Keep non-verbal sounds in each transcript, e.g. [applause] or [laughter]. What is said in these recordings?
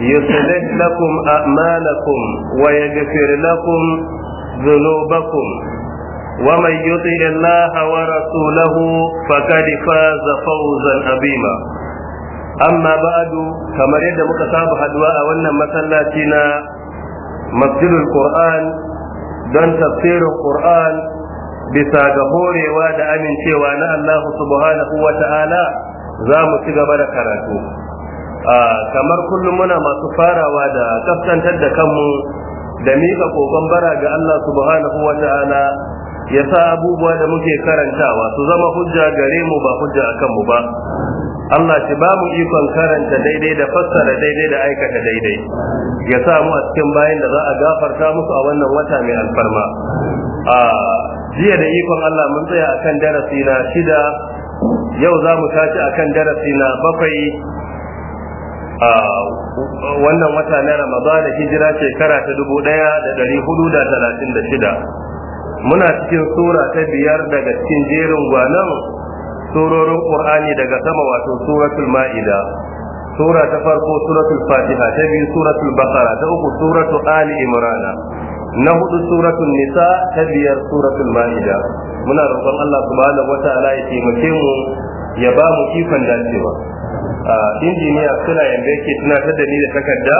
يصلح لكم أعمالكم ويغفر لكم ذنوبكم ومن يطع الله ورسوله فقد فاز فوزا عظيما أما بعد كما يد مكتاب حدواء وأن مسلاتنا مسجد القرآن دون تفسير القرآن بساقهوري وأمن شيوانا الله سبحانه وتعالى za mu ci gaba da karatu kamar kullum muna masu farawa da kaskantar da kanmu da mika kokon bara ga Allah subhanahu wa ta'ala ya sa abubuwa da muke karantawa su zama hujja gare mu ba hujja a kanmu ba Allah shi ba mu ikon karanta daidai da fassara daidai da aikata daidai ya sa mu a cikin bayan da za a gafarta musu a wannan wata mai alfarma a jiya da ikon Allah mun tsaya akan darasi na shida yau za mu tashi akan darasi na bakwai wannan wata na da hijira shekara ta dubu ɗaya da dari hudu da talatin da shida muna cikin sura ta biyar daga cikin jerin gwanan surorin qur'ani daga sama wato suratul ma'ida sura ta farko suratul fatiha ta biyu suratul baqara ta uku suratul ali imran na hudu suratul nisa ta biyar suratul ma'ida muna roƙon Allah subhanahu wata'ala ya taimake mu ya ba mu ikon dacewa injiniya suna yanda yake tunatar da ni da takarda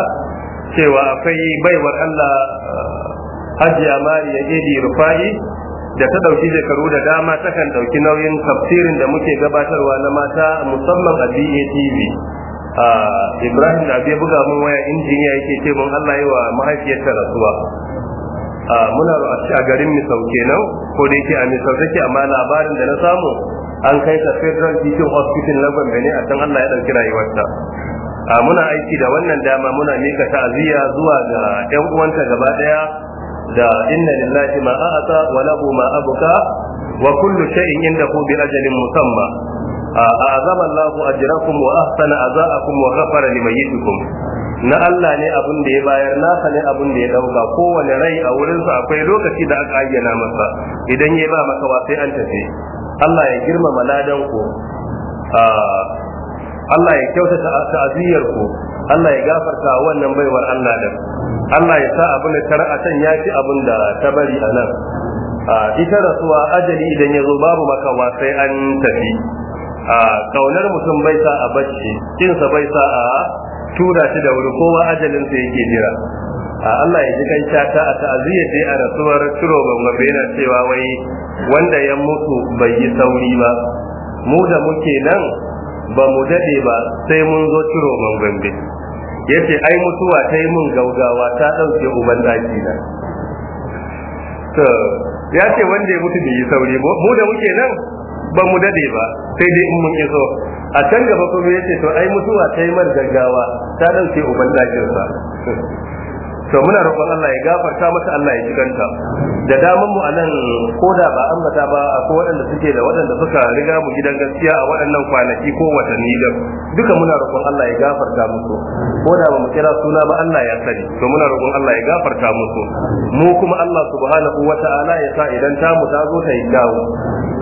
cewa akwai baiwar Allah mari ya idi rufa'i da ta ɗauki shekaru da dama ta kan ɗauki nauyin tafsirin da muke gabatarwa na mata musamman a BATV. Ibrahim da bai buga mun waya injiniya yake ce mun Allah yi wa mahaifiyarta rasuwa. Muna a garin Misau kenan ko da yake a Misau take amma labarin da na samu an kai ta federal teaching hospital na gombe ne a can allah ya ɗauki rayuwarta muna aiki da wannan dama muna mika ta'aziyya zuwa ga yan uwanta gaba daya da inna lillahi ma a'ata wa lahu ma abuka wa kullu shay'in indahu bi ajalin musamma azama Allahu ajrakum wa ahsana azaakum wa ghafara limayyitikum na Allah ne abun da ya bayar nasa ne abun da ya dauka kowane rai a wurinsa akwai lokaci da aka ayyana masa idan ya ba maka wa sai an tafi Allah ya girmama ladan ku Allah ya kyautata ta'aziyar ku Allah ya gafarta wannan baiwar Allah da Allah ya sa abin da tara'atan ya abin da ta bari a nan ita rasuwa ajali idan ya zo babu makawa sai an tafi kaunar mutum bai sa a bacci kinsa bai sa a tura shi da wuri kowa ajalin sa yake jira a Allah ya ji kan ta a ta'aziyya dai a rasuwar ciro gwamnati yana cewa wai wanda ya mutu bai yi sauri ba mu da muke nan ba mu dade ba sai mun zo ciro Ya yace ai mutuwa ta yi mun gaugawa ta dauke uban daki na to ya ce wanda ya mutu bai yi sauri mu da muke nan ba mu dade ba sai dai in mun iso a can gaba kuma yace to ai mutuwa ta yi mar gaggawa ta dauke uban dakin sa [laughs] to muna roƙon Allah ya gafarta mata Allah ya jiganta da daman mu anan ko da ba ambata ba ko waɗanda suke da waɗanda suka riga mu gidan gaskiya a waɗannan kwanaki ko watanni da duka muna roƙon Allah ya gafarta musu ko da ba mu kira suna ba Allah ya sani to muna roƙon Allah ya gafarta musu mu kuma Allah subhanahu wata'ala ya sa idan ta mu ta zo ta yi dawo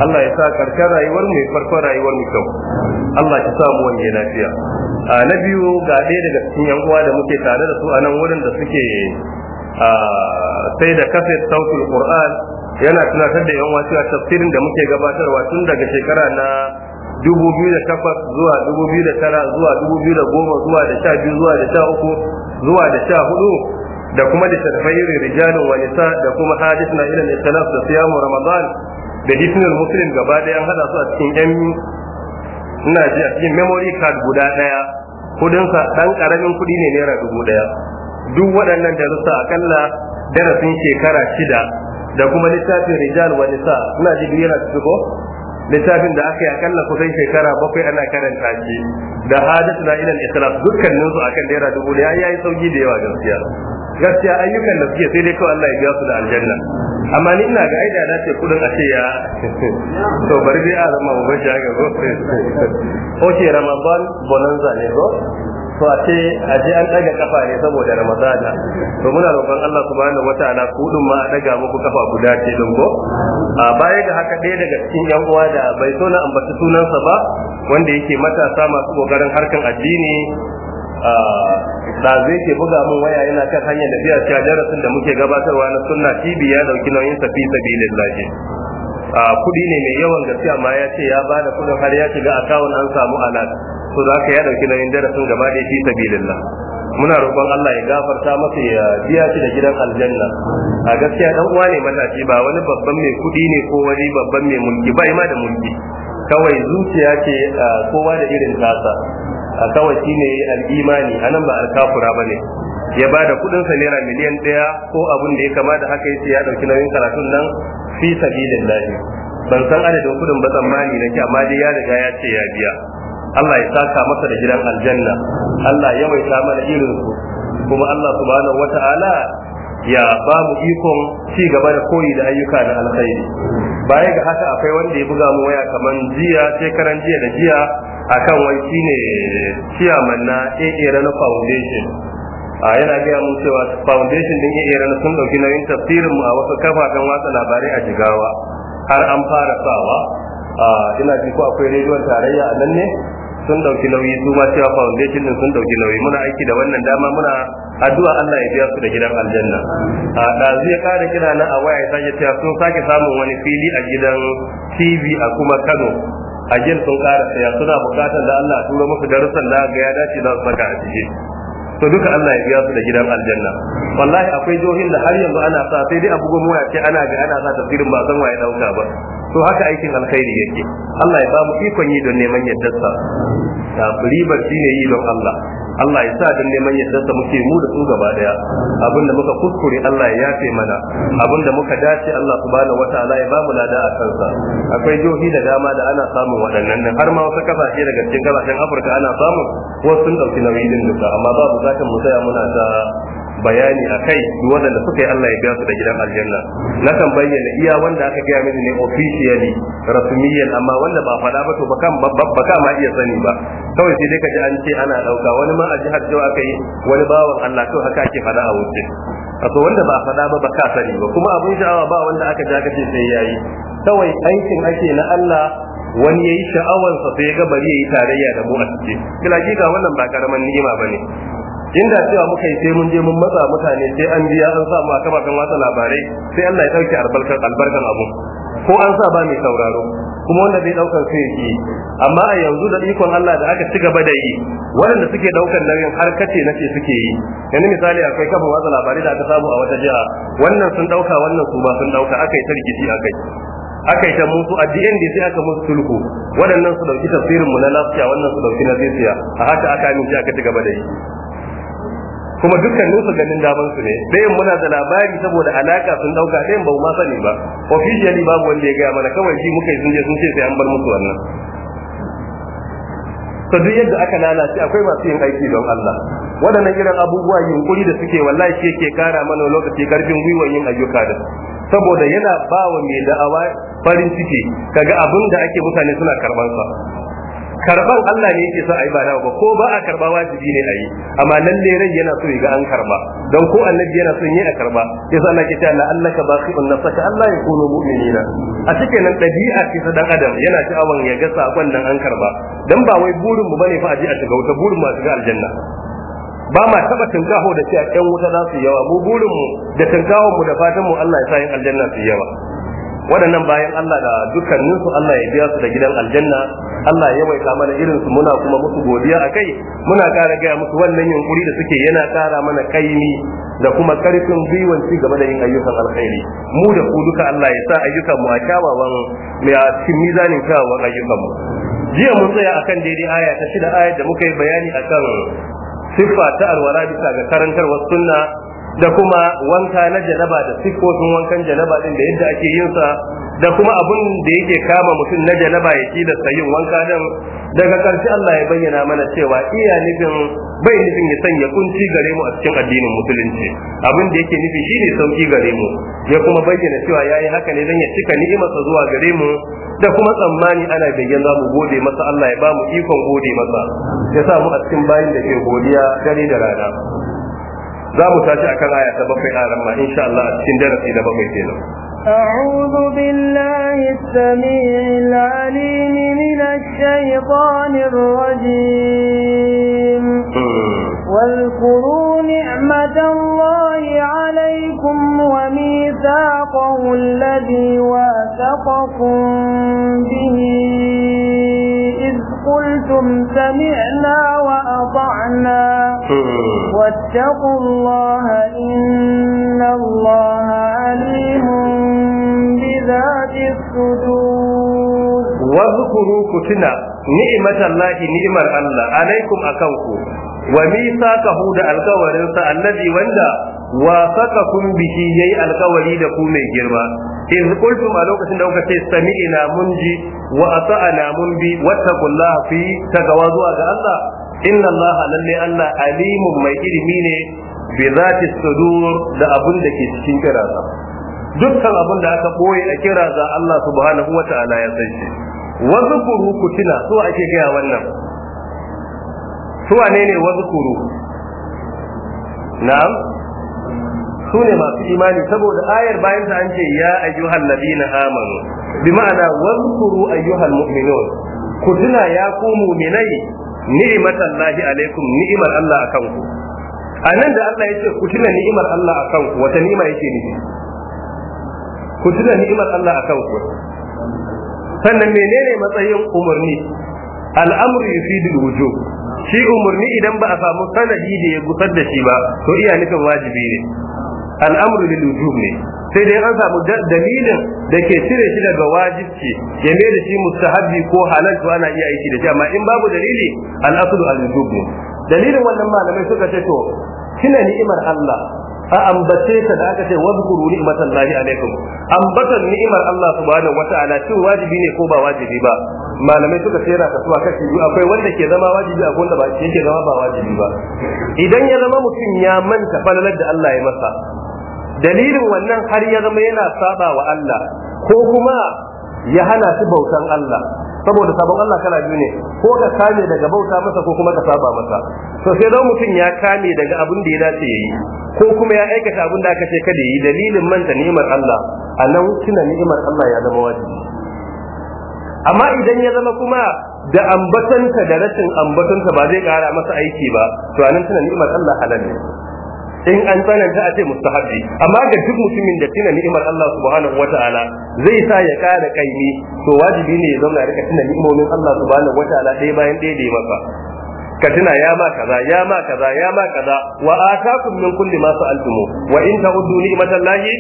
Allah ya sa karkar rayuwar mu ya farko rayuwar mu kyau Allah ya sa mu wani lafiya a na biyu ga ɗaya daga cikin yan uwa da muke tare da su a nan wurin da suke Eh, sai da kafin sautul qur'an yana tunatar da yan wasu a tafsirin da muke gabatarwa tun daga shekara na 2008 zuwa 2009 zuwa 2010 zuwa da 12 zuwa da 13 zuwa da 14 da kuma da irin rijalin wa nisa da kuma hadis na ilal istilaf da siyamu ramadan da hisnul muslim gaba daya an hada su a cikin yan ina ji a cikin memory card guda daya kudinsa dan karamin kudi ne naira dubu daya duk waɗannan da rusa akalla darasin shekara shida da kuma littafin rijal wa nisa ina ji biyu yana ko littafin da aka yi akalla kusan shekara bakwai ana karanta shi da hadatu na ilal ikhlas dukkanin su akan naira dubu da yi sauki da yawa gaskiya gaskiya ayyukan da suke sai dai kawai Allah ya biya su da aljanna amma ni ina ga aida na ce kudin a ce ya [laughs] to bari dai a zama mu bashi haka ko [laughs] ke ramadan bonanza ne ko to a ce a je an ɗaga kafa ne saboda ramadana to muna roƙon Allah subhanahu wataala kudin ma a daga muku kafa guda ce don ko a baya da haka ɗaya daga cikin yan uwa da bai so na ambaci sunansa ba wanda yake matasa masu kokarin harkan addini da zai ke buga min waya yana kan hanyar da biya cewa darasin da muke gabatarwa na sunna TV ya dauki nauyin safi sabilillah kudi ne mai yawan gaske ma ya ce ya bada kudin har ya shiga akawun an samu alat so za ka ya dauki nauyin darasin gaba da fi sabilillah muna roƙon Allah ya gafarta masa ya biya shi da gidan aljanna a gaskiya dan uwa ne matashi ba wani babban mai kuɗi ne ko wani babban mai mulki ba ma da mulki kawai zuciya ce kowa da irin tasa a kawai shine al'imani nan ba alkafura bane ya ba da kudin sa naira miliyan ɗaya ko abin da ya kama da haka yace ya dauki nauyin karatun nan fi sabilillah ban san adadin kudin ba tsammani nake amma dai ya riga ya ce ya biya Allah ya saka masa da gidan aljanna Allah ya mai yawaita mana irin su kuma Allah subhanahu wata'ala ya ba mu ikon ci gaba da koyi da ayyuka da alkhairi baya ga haka akwai wanda ya buga mu waya kaman jiya shekaran jiya da jiya akan wai shine ciyaman na AA na Foundation a yana gaya mu cewa foundation din AA Rana sun dauki nauyin tafsirin mu a wasu kafafen watsa labarai a jigawa har an fara sawa ina ji ko akwai rediyon tarayya a nan ne sun dauki nauyi su ma cewa foundation din sun dauki nauyi muna aiki da wannan dama muna addu'a Allah ya biya su da gidan aljanna a dazu ya kara kira na a waya sai ya ce sun sake samun wani fili a gidan TV a kuma Kano a jin sun kara saya suna bukatar da Allah tura musu darussan da ga ya dace za su saka a ciki to duka Allah ya biya su da gidan aljanna wallahi akwai jihohin da har yanzu ana sa sai dai abugo mu waya ce ana ga ana sa tafsirin ba san waye dauka ba to haka aikin alkhairi yake Allah ya ba mu ikon yi don neman yaddarsa ta ribar shi ne yi don Allah Allah ya sa don neman yaddarsa muke mu da su gaba daya abinda muka kuskure Allah ya yafe mana abinda muka dace Allah subhanahu wataala ya ba mu lada a kansa akwai jihohi da dama da ana samun waɗannan nan har ma wasu kasashe daga cikin kasashen Afirka ana samun wasu sun ɗauki nauyin duka amma babu bukatan mu tsaya muna ta bayani a kai duk waɗanda suka yi Allah ya biya su da gidan aljanna na kan bayyana iya wanda aka gaya mini ne officially rasmiyan amma wanda ba faɗa ba to ba ka ma iya sani ba kawai sai dai ka ji an ce ana ɗauka wani ma a jihar jawa aka yi wani bawan Allah to haka ake faɗa a wuce to wanda ba faɗa ba ba ka sani ba kuma abun sha'awa ba wanda aka ja kace sai yayi kawai aikin ake na Allah wani yayi sha'awansa sai ya ga bari yayi tarayya da mu a cikin kila ga wannan ba karaman ni'ima bane inda cewa muka yi sai mun je mun matsa mutane sai an biya an sa mu a kafafen wasa labarai sai Allah ya dauke albarkar albarkan abu ko an sa ba mai sauraro kuma wanda bai daukar sai yi amma a yanzu da ikon Allah da aka ci gaba da yi waɗanda suke daukar nauyin har kace ce suke yi yanzu misali akwai kafin watsa labarai da aka samu a wata jiha wannan sun dauka wannan su ba sun dauka aka yi ta rikici akai aka yi ta musu a DND sai aka musu sulhu waɗannan su dauki tafsirin mu na lafiya wannan su dauki na zisiya a haka aka amince aka ci gaba da yi kuma dukkanin su ganin daman su ne dayan muna da labari saboda alaka sun dauka dayan ba ma sani ba officially babu wanda ya gaya mana kawai shi muka yi sun je sun ce sai an bar musu wannan to duk yadda aka lalace akwai masu yin aiki don Allah waɗannan irin abubuwa yunkuri da suke wallahi shi yake kara mana lokaci karfin gwiwar yin ayyuka da saboda yana bawa mai da'awa farin ciki kaga abin da ake mutane suna karban sa karban Allah ne yake sa a yi ba nawa ba ko ba a karba wajibi ne a yi amma nan ne rai yana so ga an karba don ko annabi yana son yi a karba sa Allah ke cewa Allah ka baqi'un nafsaka Allah ya kunu mu'minina a cikin nan dabi'a ce ta dan adam yana sha'awan ya ga sakon nan an karba dan ba wai burin mu bane fa a ji a shiga wuta burin mu a shiga aljanna ba ma taba tunkaho da cewa ƴan wuta za su yawa mu burin mu da tunkaho mu da fatan mu Allah ya sa yin aljanna su yawa waɗannan bayan Allah da dukkanin su Allah ya biya su da gidan aljanna Allah ya yawaita mana irin su muna kuma musu godiya a kai muna ƙara gaya musu wannan yunkuri da suke yana ƙara mana kaimi da kuma ƙarfin gwiwan ci gaba da yin ayyukan alkhairi mu da ku duka Allah ya sa ayyukan mu a kyawawan mai a cikin mizanin kyawawan ayyukan mu jiya mun tsaya akan daidai aya ta shida aya da muka yi bayani akan siffa ta alwara bisa ga karantar wasu sunna da kuma wanka na janaba da siffofin wankan janaba din da yadda ake yin sa da kuma abun da yake kama mutum na janaba ya ci da sayin wanka din daga karshe Allah ya bayyana mana cewa iya nufin bai nufin ya sanya kunci gare mu a cikin addinin musulunci Abun da yake nufi shine sauki gare mu ya kuma bayyana cewa yayi haka ne dan ya cika ni'imarsa zuwa gare mu da kuma tsammani ana bayyan za mu gode masa Allah ya ba mu ikon gode masa ya sa mu a cikin bayin da ke godiya dare da rana za mu tashi akan aya ta bakwai a ramma insha Allah a cikin darasi da bakwai kenan أعوذ بالله السميع العليم من الشيطان الرجيم hmm. واذكروا نعمة الله عليكم وميثاقه الذي واثقكم به قلتم سمعنا وأطعنا واتقوا الله إن الله عليم بذات الصدور واذكروا كتنا ni'imatan lahi ni'imar Allah alaikum akanku wa misaqahu da alkawarin sa allazi wanda wasaqakum bihi yayi alkawari da ku mai girma in qultum a lokacin da kuka ce sami'ina mun ji wa ata'ana mun bi wattaqullaha fi tagawa zuwa ga Allah inna Allah lalle Allah alimun mai ilimi ne bi zati sudur da abun da ke cikin kiraza. dukkan abun da aka boye a kiraza Allah subhanahu wa ta'ala ya san shi wa zukuru tuna so ake gaya wannan su wane ne kuru? na'am su ne masu imani saboda ayar bayan ta an ce ya ayyuhal ladina amanu bi ma'ana kuru ayyuhal mu'minun ku tuna ya ku mu'minai Allah alaikum ni'imar Allah akan ku a nan da Allah ya ce ku tuna ni'imar Allah a kanku wata ni'ima yake ni ku tuna ni'imar Allah a kanku sannan menene matsayin umarni al'amru yufidul wujub shi umarni idan ba a samu sanadi da ya gusar da shi ba to iya nufin wajibi ne al'amru lil wujub ne sai dai an samu dalilin da ke cire shi daga wajibci ya mai da shi mustahabbi ko halal ana iya aiki da shi amma in babu dalili al'aslu al wujub ne dalilin wannan malamai suka ce to kina ni'imar Allah a ambace ta da aka ce wadhkuru ni'matallahi alaikum ambatan ni'imar Allah subhanahu wata'ala cin wajibi ne ko ba wajibi ba malamai suka tsera ka suwa kashi biyu akwai wanda ke zama wajibi akwai wanda ba yake zama ba wajibi ba idan ya zama mutum ya manta falalar da Allah ya masa dalilin wannan har ya zama yana saba wa Allah ko kuma ya hana shi bautan Allah saboda sabon Allah kana biyu ne ko ka kame daga bauta masa ko kuma ka saba masa to sai dan mutum ya kame daga abin da ya dace yayi ko kuma ya aikata abin da aka ce kada yi dalilin manta ni'imar Allah a nan tuna ni'imar Allah ya zama wajibi amma idan ya zama kuma da ambatanta da rashin ambatanta ba zai kara masa aiki ba to anan tana ni'imar Allah halal ne in an tsananta a ce mustahabi amma ga duk mutumin da tuna ni'imar Allah subhanahu wataala zai sa ya kara kaimi to wajibi ne ya zauna rika tuna ni'imomin Allah subhanahu wataala ɗaya bayan ɗaya da masa ka tuna ya ma kaza ya ma kaza ya ma kaza wa atakum min kulli ma sa'altumu wa in ta'uddu ni'matallahi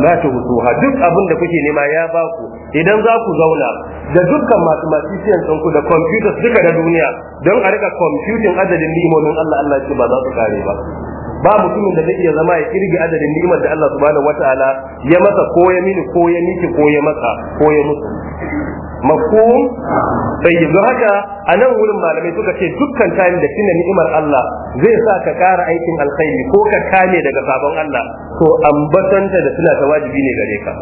la tuhsuha duk abin da kuke nema ya baku idan za ku zauna da dukkan sun ku da computers duka da duniya don a rika computing adadin ni'imomin Allah Allah ce ba za su kare ba ba mutumin da zai iya zama ya kirge adadin ni'imar da Allah subhanahu wataala ya masa ko ya mini ko ya miki ko ya masa ko ya mutu mafhum sai yanzu haka a nan wurin malamai suka ce dukkan tayin da tuna ni'imar Allah zai sa ka kara aikin alkhairi ko ka kame daga sabon Allah to ambatanta da suna ta wajibi ne gare ka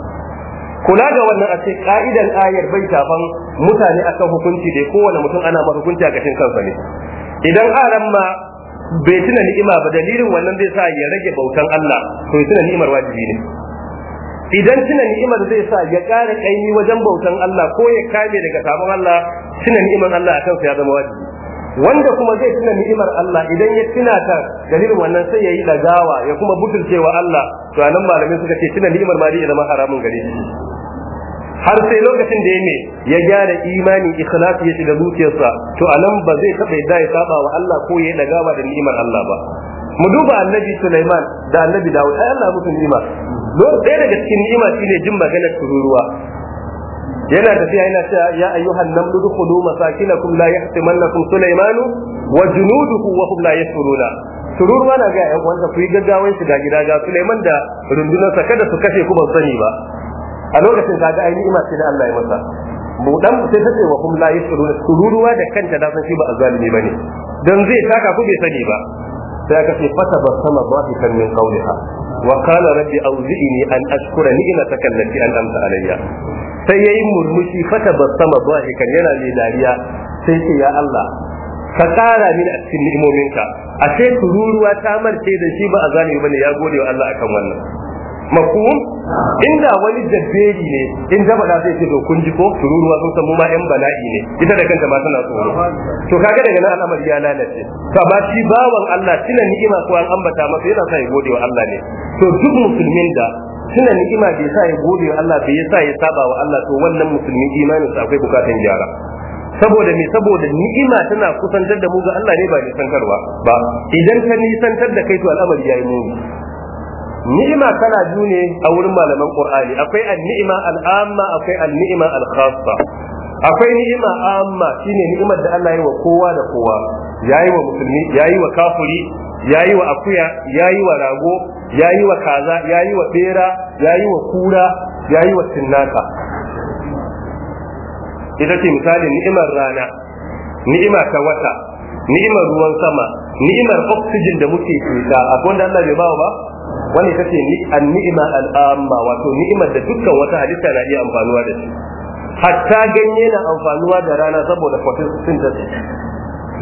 kula ga wannan a ce ka'idan ayar bai tafan mutane akan hukunci da kowane mutum ana masa hukunci a gashin kansa ne idan aran ma bai tuna ni'ima ba dalilin wannan zai sa ya rage bautan Allah to ya tuna ni'imar wajibi ne idan tuna ni'imar zai sa ya ƙara ƙaimi wajen bautan Allah ko ya kame daga sabon Allah tuna ni'imar Allah a kansa ya zama wajibi wanda kuma zai tuna ni'imar Allah idan ya tuna ta dalilin wannan sai ya yi dagawa ya kuma butulcewa Allah to anan malamin suka ce tuna ni'imar ma zai zama haramun gare shi har sai lokacin da ya ne ya gyara imani ikhlasi ya shiga zuciyarsa to anan ba zai taɓa yadda ya saba wa Allah ko ya yi dagawa da ni'imar Allah ba mu duba annabi Sulaiman da annabi Dawud ai Allah ni'ima don ɗaya daga cikin ni'ima ne jin maganar tururuwa yana tafiya yana cewa ya ayyuhan namlu dukhulu masakinakum la yahtimannakum sulaymanu wa junuduhu wa hum la yashuruna tururuwa na ga yan wanda kuyi yi gaggawan shiga gida ga Sulaiman da rundunarsa kada su kashe ku ban sani ba a lokacin kaga ga ni'ima ce Allah ya masa mu dan sai ta ce wa hum la tururuwa da kanta da san shi ba azalimi bane dan zai taka ku bai sani ba sai aka ce fata ba sama ba fi kan min qawliha wa qala rabbi awzi'ni an ashkura ni'mataka allati an'amta alayya sai yayi murmushi fata ba sama ba fi kan yana mai dariya sai ce ya Allah ka kara min a cikin ni'imominka sai tururuwa ta marce da shi ba a zalimi bane ya gode wa Allah akan wannan mafhum inda wani jabberi ne in jabala zai ce to kun ji ko tururuwa sun san ma yan bala'i ne ita da kanta ma tana tsoro to kaga daga nan al'amari ya lalace to ba shi bawan Allah tuna ni'ima ko an ambata masa yana sa ya gode wa Allah ne to duk musulmin da tuna ni'ima bai sa ya gode wa Allah bai sa ya saba wa Allah to wannan musulmin imanin sa akwai bukatan gyara saboda me saboda ni'ima tana kusantar da mu ga Allah ne ba sankarwa ba idan ka nisantar da kai to al'amari yayi mu ni'ima kana biyu ne a wurin malaman qur'ani akwai an-ni'ima al-amma akwai an-ni'ima al-khassa akwai ni'ima amma shine ni'imar da Allah yi wa kowa da kowa yayi wa musulmi yayi wa kafiri yayi wa akuya yayi wa rago yayi wa kaza yayi wa bera yayi wa kura yayi wa cinnaka ita ce misali ni'imar rana ni'ima ta wata ni'imar ruwan sama ni'imar oxygen da muke fita akwai wanda Allah bai bawa ba wani kace ce ni'ima al'amma wato ni'imar da dukkan wata halitta na iya amfanuwa da shi hatta ganye na amfanuwa da rana saboda photosynthesis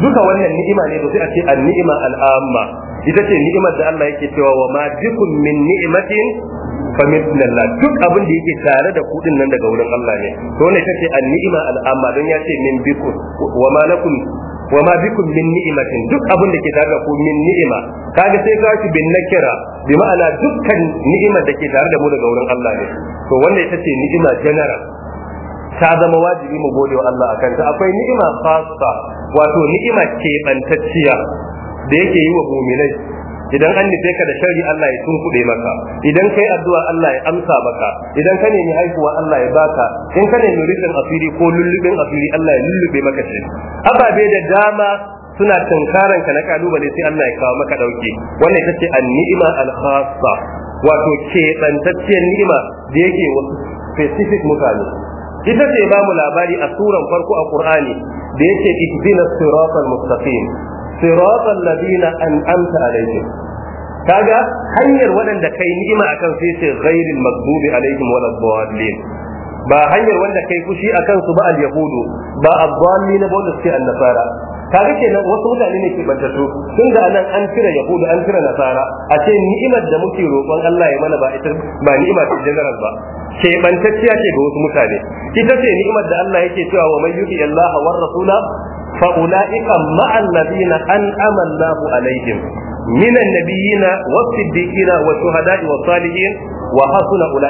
duka wannan ni'ima ne to sai a ce an ni'ima al'amma ita ce ni'imar da Allah yake cewa wa ma bikum min ni'matin famin lalla duk abin da yake tare da kudin nan daga wurin Allah ne to ne kace an ni'ima al'amma don ya ce min bikum wa ma lakum wa ma bikum min ni'matin duk abin da ke tare da ku min ni'ima kaga sai ka ci bin nakira bi ma'ana dukkan ni'imar da ke tare da mu daga wurin Allah ne to wannan ita ce ni'ima general ta zama wajibi mu gode wa Allah akan ta akwai ni'ima khassa wato ni'ima ke bantacciya da yake yi wa mu'minai idan an nufe ka da sharri Allah ya tunkuɗe maka idan kai addu'a Allah ya amsa maka idan ka nemi haihuwa Allah ya baka in ka nemi rufin asiri ko lullubin asiri Allah ya lullube maka shi ababe da dama suna tunkaran ka na kalubale sai Allah ya kawo maka dauke wannan ita ce an-ni'ima al-khassa wato ke bantacciyar ni'ima da yake wasu specific mutane ita ce ba mu labari a suran farko a Qur'ani da yake ihdina siratal mustaqim siratal an an'amta alaihim kaga hanyar waɗanda kai ni'ima akan sai ce ghairil maghdubi alaihim walad dallin ba hanyar wanda kai fushi akan su ba al yahudu ba ad-dallin ba wanda suke an-nasara kaga kenan wasu mutane ne ke bantattu tun da anan an cire yahudu an cire nasara a ce ni'imar da muke roƙon Allah ya mana ba ita ba ni'ima ce general ba ke bantacciya ce ga wasu mutane ita ce ni'imar da Allah yake cewa wa man yuti Allah wa rasula Fa ula ikan ma'an na daina an aman naku minan na biyina wansi biyina wasu hada yi wa haɗu na ula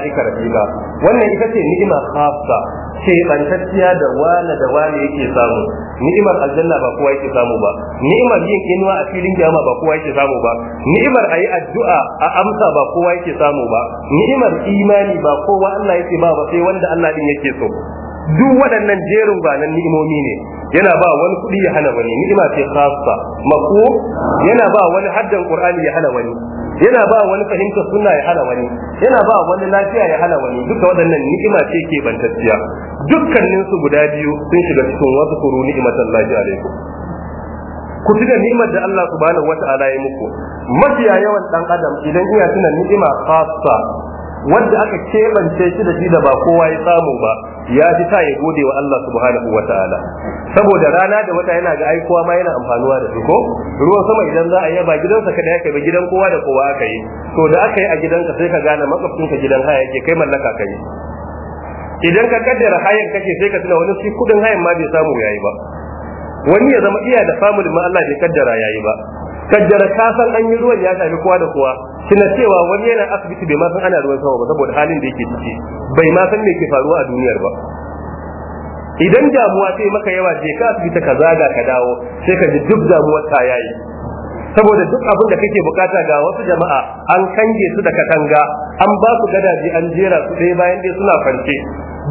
Wannan ita ce ni'imar hafsa, ke kantar da wala da wala ya samu, ni'imar aljanna ba kowa ya samu ba, ni'imar yin kinwa a filin jama ba kowa ya samu ba, ni'imar ayi addu'a a amsa ba kowa ya samu ba, ni'imar imani ba ko wani Allah ya ke ba sai wanda Allah din yake so. duk waɗannan jerin ba nan ni'imomi ne yana ba wani kuɗi ya hana wani ni'ima ce khassa mako yana ba wani haddan qur'ani ya hana wani yana ba wani fahimtar sunna ya hana wani yana ba wani lafiya ya hana wani duka waɗannan ni'ima ce ke bantacciya dukkanin su guda biyu sun shiga cikin wasu kuru ni'imatallahi alaikum ku tuna ni'imar da Allah subhanahu wata'ala ya muku mafiya yawan dan adam idan iya tunan ni'ima khassa wanda aka kebance shi da shi da ba kowa ya samu ba ya ji ta ya gode wa Allah subhanahu wa ta'ala saboda rana da wata yana ga aikowa ma yana amfanuwa da su ko ruwan sama idan za a yi ba gidansa kada yake ba gidan kowa da kowa aka yi to da aka yi a gidanka sai ka gane makwabcinka gidan haya yake kai mallaka kai idan ka kaddara hayan kake sai ka tuna wani shi kudin hayan ma bai samu yayi ba wani ya zama iya da family ma Allah bai kaddara yayi ba kaddara ka san an yi ruwan ya shafi kowa da kowa suna cewa wani yana asibiti bai ma san ana ruwan sama ba saboda halin da yake ciki bai ma san me ke faruwa a duniyar ba idan damuwa sai maka yawa je ka asibiti ka zaga ka dawo sai ka ji duk damuwar ta yayi saboda duk abin da kake bukata ga wasu jama'a an kange su da katanga an ba su gadaje an jera su ɗaya bayan dai suna farce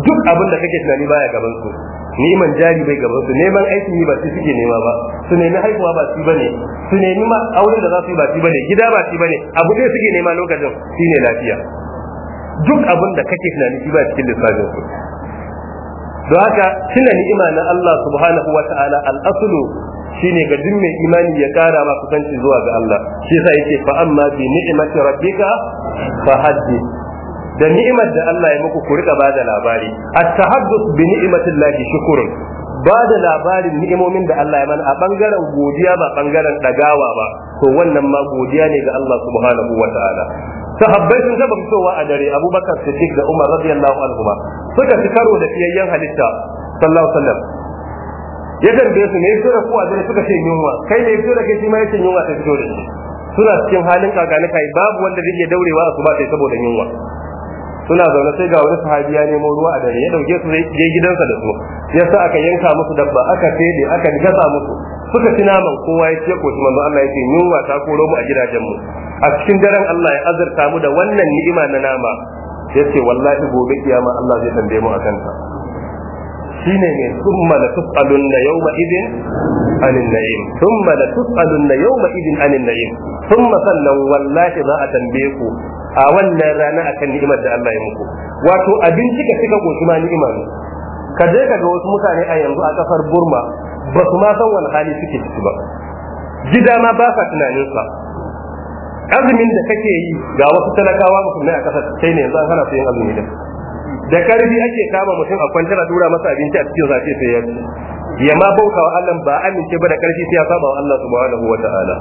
duk abin da kake tunani baya gaban su neman jari bai gaban su neman aikin yi ba su suke nema ba su nemi haihuwa ba su bane su nemi ma auren da za su yi ba su bane gida ba su bane abu ne suke nema lokacin shine lafiya duk abin da kake tunani shi ba cikin lissafin su don haka tuna ni'ima na Allah subhanahu wa ta'ala al shine ga duk mai imani ya kara ma kusanci zuwa ga Allah shi yasa yake fa amma bi ni'imati rabbika fa haddith da ni'imar da Allah ya muku ku rika bada labari at-tahaddus bi ni'matillahi shukrun ba da labarin ni'imomin da Allah ya mana a bangaren godiya ba bangaren dagawa ba to wannan ma godiya ne ga Allah subhanahu wataala sahabbai sun taba fitowa a dare Abubakar Siddiq da Umar radiyallahu anhu suka ci karo da fiyayyen halitta sallallahu alaihi wasallam ya tambaye su ne sura ko dare suka ce yunwa kai ne sura kai shi ma yace yunwa ta fito da shi suna cikin halin kaganika babu wanda zai iya daurewa a su ba sai saboda yunwa suna zaune sai ga wani sahabi ya nemo ruwa a dare ya dauke su je gidansa da su ya sa aka yanka musu dabba aka fede aka gasa musu suka ci naman kowa ya ce ko manzo Allah ya ce yunwa ta koro mu a gidajen mu a cikin daren Allah ya azurta mu da wannan ni'ima na nama ya ce wallahi gobe kiyama Allah zai tambaye mu akan ta shine ne summa la tus'alunna yawma idin anin na'im summa la tus'alunna yawma idin anin na'im summa sallan wallahi za a tambaye ku a wannan rana akan ni'imar da Allah ya muku wato abinci ka cika goshi ma ni'ima ka je ka ga wasu mutane a yanzu a kasar Burma ba su ma san wani hali suke ciki ba gida ma ba sa tunanin sa azumin da kake yi ga wasu talakawa musulmai a kasar sai ne yanzu an hana su yin azumi da da karfi ake kama mutum a kwantar a dura masa abinci a cikin zafi sai ya ya ma wa Allah ba amince ba da karfi sai ya saba wa Allah subhanahu wa ta'ala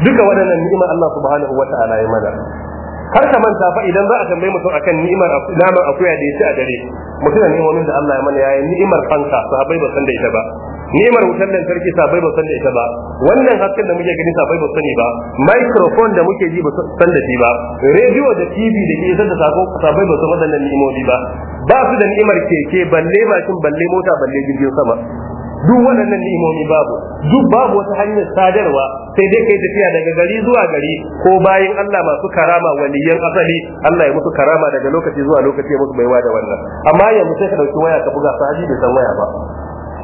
duka waɗannan ni'imar Allah subhanahu wa ta'ala ya mana har ka manta fa idan za a tambaye mutum akan ni'imar naman akuya da ya a dare mutum ne ni'imomin da Allah ya mana yayi ni'imar fanka sahabbai ba san da ita ba ni'imar wutar lantarki sahabbai ba san da ita ba wannan hasken da muke gani sahabbai ba sani ba microphone da muke ji ba san da shi ba radio da tv da ke isar da sako sahabbai ba san waɗannan ni'imomi ba ba su da ni'imar keke balle mashin balle mota balle jirgin sama duk waɗannan ni'imomi babu duk babu wata hanyar sadarwa sai dai kai tafiya daga gari zuwa gari ko bayan Allah masu karama waliyan asali Allah ya musu karama daga lokaci zuwa lokaci ya musu baiwa da wannan amma yanzu sai ka dauki waya ka buga sahabi bai san waya ba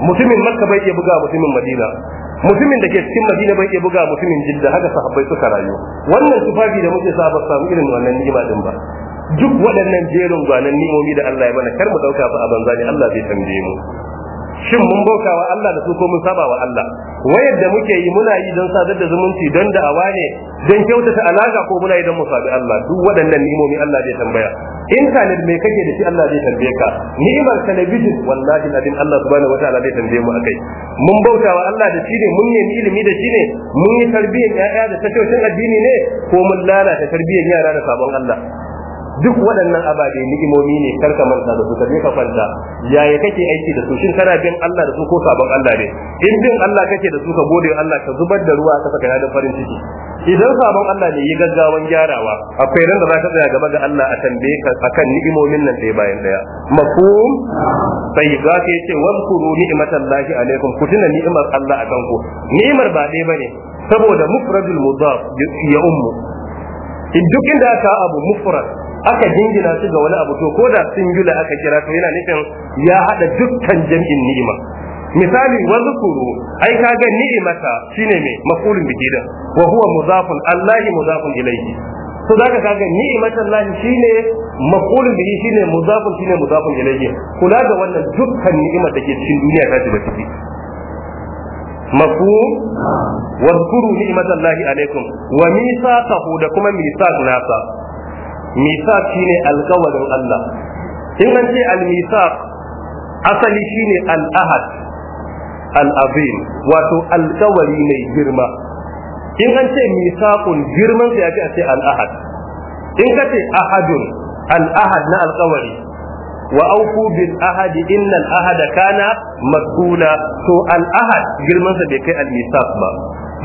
mutumin makka bai iya buga mutumin madina mutumin da ke cikin madina bai iya buga mutumin jidda haka sahabbai suka rayu wannan tufafi da muke saba samu irin wannan ni'ima din ba duk waɗannan jerin gwanan ni'imomi da Allah ya mana kar mu dauka ba a banza ne Allah zai tambaye mu shin mun bauta wa Allah da su ko mun saba wa Allah wayar da muke yi muna yi don sadar da zumunci don da'awa ne don kyautata alaka ko muna yi don mu sabi Allah duk waɗannan nimomi Allah zai tambaya intanet mai kake da shi Allah zai tambaye ka ni'imar talabijin wallahi abin Allah subhanahu wataala zai tambaye mu akai mun bauta wa Allah da shi ne mun nemi ilimi da shi ne mun yi tarbiyyar 'ya'ya da tashoshin addini ne ko mun lalata tarbiyyar yara da sabon Allah duk waɗannan ababe ni'imomi ne kar manta da su ka ka kwanta yaya kake aiki da su shin kana bin Allah da su ko sabon Allah ne in bin Allah kake da su ka gode Allah ka zubar da ruwa ka saka da farin ciki idan sabon Allah ne yi gaggawan gyarawa akwai ran da za ka tsaya gaba ga Allah a tambaye ka akan ni'imomin nan dai bayan ɗaya mafhum sai za ka yace wazkuru ni'matallahi alaikum ku tuna ni'imar Allah akan ku ni'imar ba ɗaya bane saboda mufradul mudaf ya ummu in duk inda aka abu mufrad aka jingina su ga wani abu to ko da singular aka kira to yana nufin ya hada dukkan jam'in ni'ima misali wa zukuru ai kaga ni'imata shine mai maqulun bi da wa huwa mudafun allahi mudafun ilayhi to zaka kaga ni'imatan allahi shine maqulun bi shine mudafun shine mudafun ilayhi kula da wannan dukkan ni'imar da ke cikin duniya ta ji ciki مفهوم واذكروا نعمة الله عليكم وميثاقه لكم ميثاق ناسا misaq shine alkawarin Allah in an ce al-misaq asali shine al-ahad al-azim wato alkawari mai girma in an ce misaqun girman sa yafi a ce al-ahad in ka ce ahadun al-ahad na alkawari wa aufu bil ahad innal ahada kana mas'ula to al-ahad girman sa bai kai al-misaq ba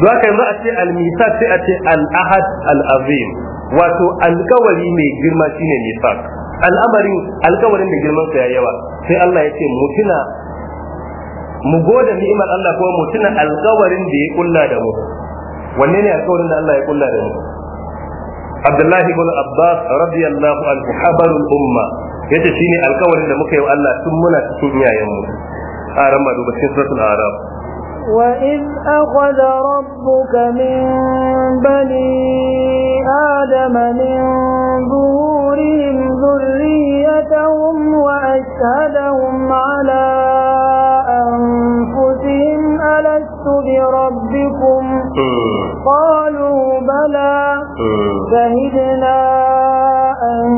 don haka yanzu a ce al-misaq sai a ce al-ahad al-azim wato alkawari mai girma shine nifaq al'amarin alkawarin da girman sa yayi yawa sai Allah ya ce mu tuna mu gode ni'imar Allah ko mu tuna alkawarin da ya kulla da mu wanne ne alkawarin da Allah ya kulla da mu Abdullahi ibn Abbas radiyallahu anhu habarul umma yace shine alkawarin da muka yi wa Allah tun muna cikin iyayen mu a ran ma duba cikin suratul arab وإذ أخذ ربك من بني آدم من ظهورهم ذريتهم وأشهدهم على أنفسهم ألست بربكم hmm. قالوا بلى hmm. شهدنا أن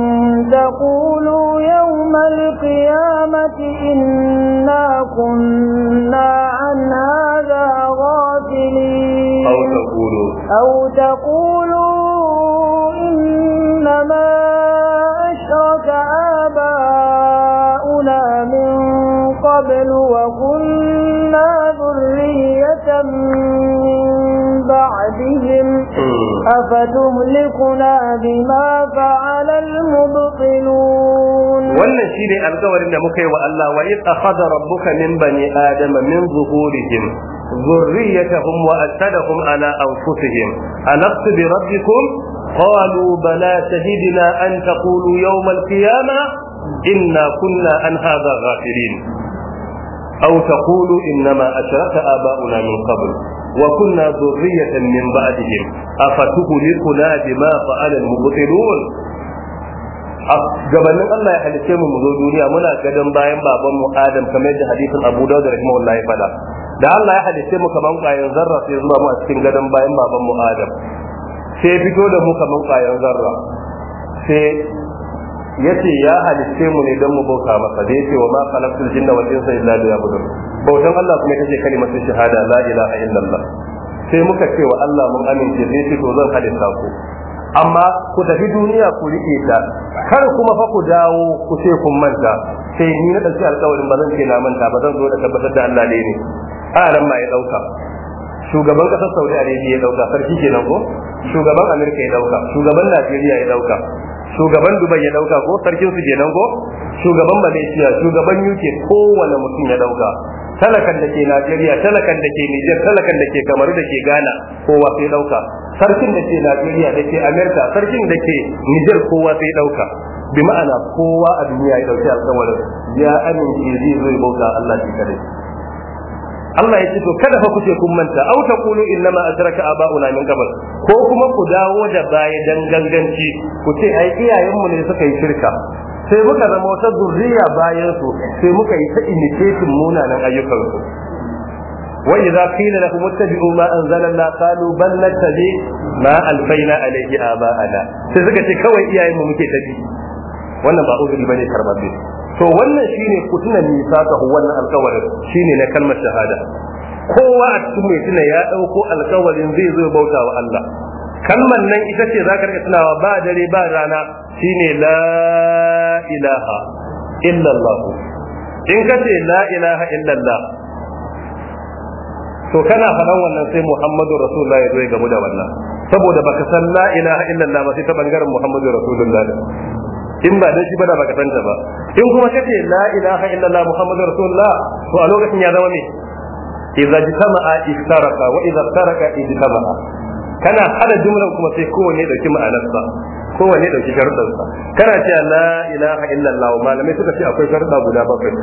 تقولوا يوم القيامة إنا كنا أو تقولوا إنما أشرك آباؤنا من قبل وكنا ذرية من بعدهم أفتهلكنا بما فعل المبطلون والنشي لألقى ورنمك وألا وإذ أخذ ربك من بني آدم من ظهورهم ذريتهم واسدهم على أنفسهم ألست بربكم قالوا بلى شهدنا أن تقولوا يوم القيامة إنا كنا عن هذا غافلين أو تقولوا إنما أشرك آباؤنا من قبل وكنا ذرية من بعدهم أفتهلكنا بما فعل المبطلون gabanin Allah الله يحدث mu mu zo duniya muna gadon bayan babanmu Adam kamar yadda hadisin Abu Dawud rahimahullah da Allah ya halitta mu kaman ƙwayar zarra sai zuwa mu a cikin gadon bayan baban mu Adam sai fito da mu kaman ƙwayar zarra sai yace ya halitta mu ne don mu bauta masa da ce wa ma khalaqtul jinna wal insa illa liya'budun bautan Allah kuma kace kalimatu shahada la ilaha illallah sai muka ce wa Allah mun amince zai ce to zan halitta ku amma ku tafi duniya ku rike ta kar kuma fa ku dawo ku ce kun manta sai ni na ɗauki alƙawarin ba zan ce na manta ba zan zo da tabbatar da Allah ne a ma ya dauka shugaban kasar saudi arabia ya dauka sarki kenan ko shugaban amerika ya dauka shugaban najeriya ya dauka shugaban dubai ya dauka ko sarkin su kenan ko shugaban malaysia shugaban uk kowane mutum ya dauka talakan da ke najeriya talakan da ke niger talakan da ke kamaru da ke ghana kowa sai dauka sarkin da ke najeriya da ke amerika sarkin da ke niger kowa sai dauka bi ma'ana kowa a duniya ya dauki alkawarin ya amince zai zai bauta allah shi kare Allah ya ce to kada fa kuce kun manta au taqulu innama asraka aba'una min qabl ko kuma ku dawo da baya dan ganganci ku ce ai iyayenmu ne suka yi shirka sai muka zama wata zurriya bayan su sai muka yi ta imitating munanan ayyukan su wa idza qila lahum ittabi'u ma anzala Allah qalu bal nattabi ma alfaina alayhi aba'ana sai suka ce kawai iyayenmu muke tafi wannan ba uzuri bane karbabbe to wannan shine kutunan misaka wannan alƙawarin shine na kalmar shahada kowa a cikin mai tuna ya dauko alƙawarin zai zo bauta wa Allah kalmar nan ita ce zaka rika tunawa ba dare ba rana shine la ilaha illallah in ka ce la ilaha illallah to kana faɗan wannan sai Muhammadu Rasulullah ya zo ya gamu da wannan saboda baka san la ilaha illallah ba sai ta bangaren Muhammadu Rasulullah in ba dan shi ba da baka tanta ba in kuma kace la ilaha illallah muhammadur rasulullah to a lokacin ya zama me idza jitama'a iftaraka wa idza taraka ijtama'a kana hada jumlan kuma sai kowanne dauki ma'anarsa kowanne dauki sharuɗansa kana cewa la ilaha illallah wa malamai suka ce akwai sharuɗa guda bakwai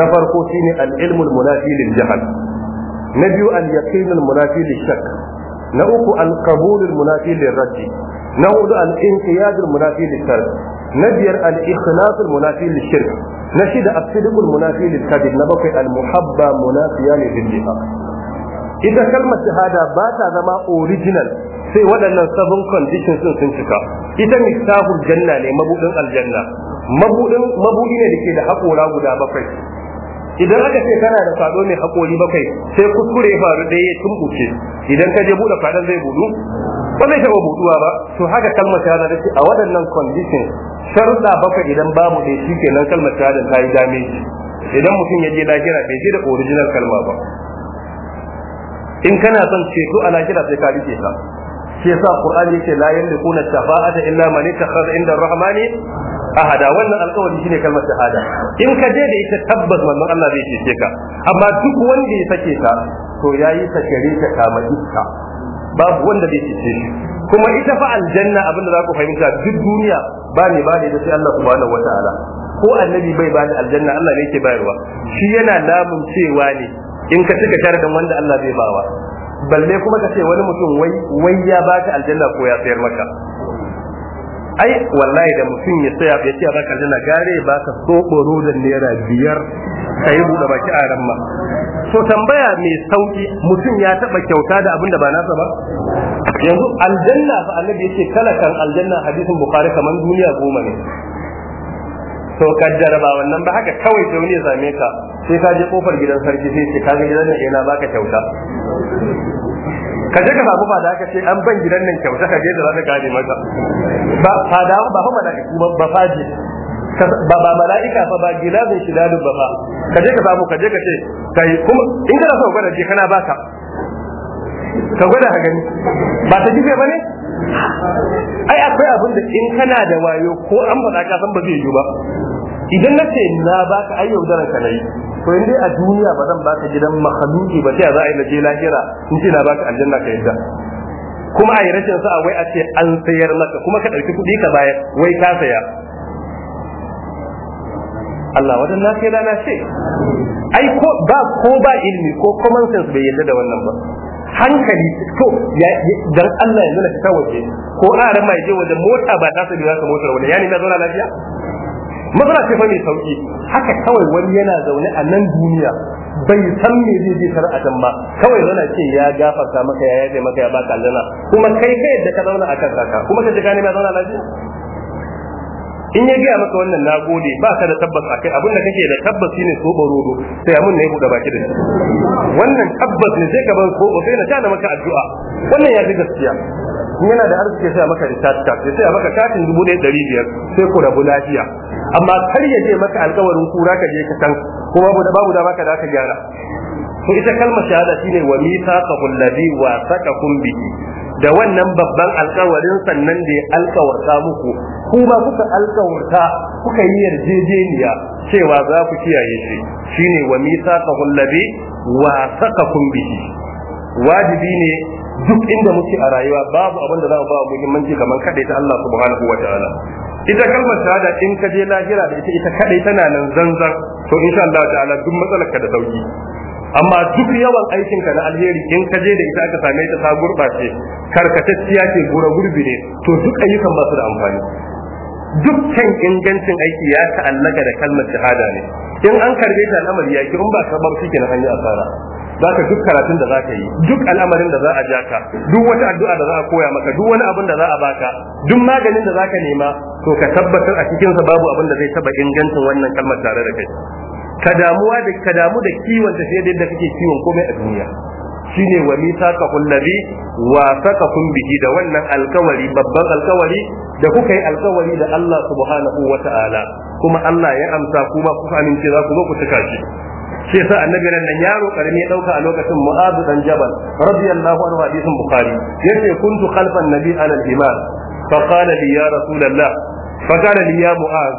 na farko shine al-ilmu al-munafi lil jahl na biyu al-yaqin al-munafi lil shakk na uku al-qabul al-munafi lil radd na hudu al-inqiyadul munafi lishirk na biyar al-ikhlasul munafi lishirk na shida as-sidqul munafi lilkadib na bakwai al-muhabba munafiya liljiha ita kalmar shahada ba ta zama original sai waɗannan seven conditions sun sun cika ita miftahul janna ne mabudin aljanna mabudin mabudi ne dake da haƙora guda bakwai idan aka ce kana da fado mai haƙori bakwai sai kuskure faru ɗaya ya tumbuce idan ka je buɗe fadon zai budu ba zai taɓa buɗuwa ba to haka kalmar shahada ta ce a waɗannan condition sharuɗa baka idan babu ɗaya shi kenan kalmar shahada ta yi damage idan mutum ya je lahira bai je da original kalma ba in kana son ceto a lahira sai ka rike ta shi yasa qur'ani yake la yamlikuna shafa'ata illa man ittakhadha inda ar-rahmani ahada wannan alƙawari shine kalmar shahada in ka je da ita tabbas manzon Allah zai cece ka amma duk wanda ya sake ta to yayi sakare ta kama iska babu wanda zai cece shi kuma ita fa aljanna abinda za ku fahimta duk duniya ba ne ba ne da sai Allah subhanahu wataala ko annabi bai ba aljanna Allah ne yake bayarwa shi yana lamun cewa ne in ka cika sharadin wanda Allah zai bawa balle kuma ka ce wani mutum wai wai ya baka aljanna ko ya sayar maka ai wallahi da mutum ya tsaya ya ce baka jina gare ba ka da naira biyar ka yi buɗe baki a ran ma tambaya mai sauki mutum ya taɓa kyauta da abin da ba nasa ba yanzu aljanna fa annabi yace kalakan aljanna hadisin bukhari kaman duniya goma ne to kaddara ba wannan ba haka kawai sai wani ya same ka sai ka je kofar gidan sarki sai ce ka ga gidan nan yana eh, baka kyauta ka je ka samu fada ka ce an ban gidan nan kyauta ka je da zaka gane kare maka ba fada ba fa mala'iku ba ba faji ba ba mala'ika fa ba shi shidadun ba fa ka je ka samu ka je ka ce kai kuma in kana so gwada je kana baka ka gwada ka gani ba ta jibe ba ne ai akwai abin da in kana da wayo ko an faɗa ka san ba zai yi ba idan na ce na baka ai yaudaran ka na yi ko in dai a duniya ba zan baka gidan makhluki ba sai za a yi na je lahira in ce na baka aljanna ka yadda kuma a yi rashin sa'a wai a ce an sayar maka kuma ka ɗauki kuɗi ka bayar wai ka saya Allah wajen na sai na ce ai ko ba ko ba ilimi ko common sense bai yadda da wannan ba hankali to dan Allah ya nuna ta waje ko a ran mai je wajen mota ba ta sabi za ka motar wani yani na zauna lafiya matsala ce fa mai sauki haka kawai wani yana zaune a nan duniya bai san me zai je a can ba kawai yana ce ya gafarta maka ya yaje maka ya baka aljana kuma kai kai yadda ka zauna akan kaka kuma ka ji ne ma zauna lafiya in ya gaya maka wannan nagode ba ka da tabbas akai abin da kake da tabbas shine so barodo sai amun ne buga baki da shi wannan tabbas ne sai ka ban ko sai na tana maka addu'a wannan ya fi gaskiya in yana da arziki sai maka rita card sai maka katin dubu 1500 sai ku rabu lafiya amma kar ya je maka alkawarin kura ka je ka san ko babu da babu da baka da ka gyara to ita kalmar shahada shine wa mithaqul ladhi wa saqakum bihi da wannan babban alkawarin sannan da ya alkawarta muku kuma kuka alkawarta kuka yi yarjejeniya cewa za ku kiyaye shi shine wa mithaqul ladhi wa saqakum bihi wajibi ne duk inda muke a rayuwa babu abin da za mu ba muhimmanci kamar kaɗai ta Allah subhanahu wa ta'ala ita kalmar shahada in ka je lahira da ita ita kadai tana nan zanzan to insha Allah ta'ala duk matsalar ka da sauki amma duk yawan aikin ka na alheri in ka je da ita aka same ta ta gurbace karkatacciya ce gura gurbi ne to duk ayyukan ba su da amfani dukkan ingancin aiki ya ta'allaka da kalmar shahada ne in an karbe ta al'amari ya ki in ba ka ba shi an yi asara zaka duk karatun da zaka yi duk al'amarin da za a ja ka duk wata addu'a da za a koya maka duk wani abin da za a baka duk maganin da za ka nema to ka tabbatar a cikin sa babu abin da zai taba ingancin wannan kalmar tare da kai ka damuwa da ka damu da kiwon ta sai da kake kiwon komai a duniya shine wa misaka kullabi wa saka kun biki da wannan alkawari babban alkawari da kuka yi alkawari da Allah subhanahu wa ta'ala kuma Allah ya amsa kuma ku amince za ku zo ku cika shi shi yasa annabi nan yaro karami ya dauka a lokacin mu'adu dan jabal radiyallahu anhu hadisin bukhari yace kuntu khalfan nabi ala al-imam fa qala li ya rasulullah fa qala li ya mu'adh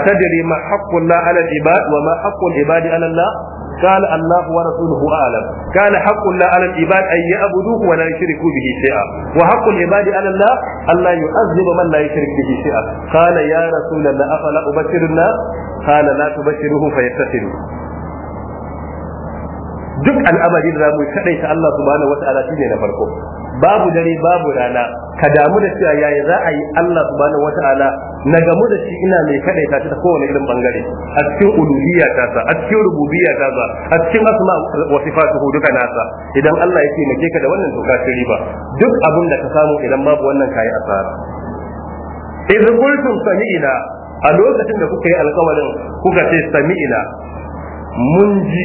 atadri ma haqqu la ala al-ibad wa ma haqqu al-ibad ala allah قال الله ورسوله اعلم كان حق الله على العباد ان يعبدوه ولا يشركوا به شيئا وحق العباد على الله ان لا يعذب من لا يشرك به شيئا قال يا رسول الله افلا ابشر الناس قال لا تبشره فيتخذوا duk al'amari da zamu kadai ta Allah subhanahu wataala shine na farko babu dare babu rana ka damu da cewa yayi za a yi Allah subhanahu wataala na gamu da shi ina mai kadai ta ta kowane irin bangare a cikin uluhiyya ta sa a cikin rububiyya ta sa a cikin asma wa sifatuhu duka nasa idan Allah ya nake ka da wannan to ka riba duk abin da ka samu idan babu wannan kai asara idh qultum sami'ina a lokacin da kuka yi alƙawarin kuka ce sami'ina mun ji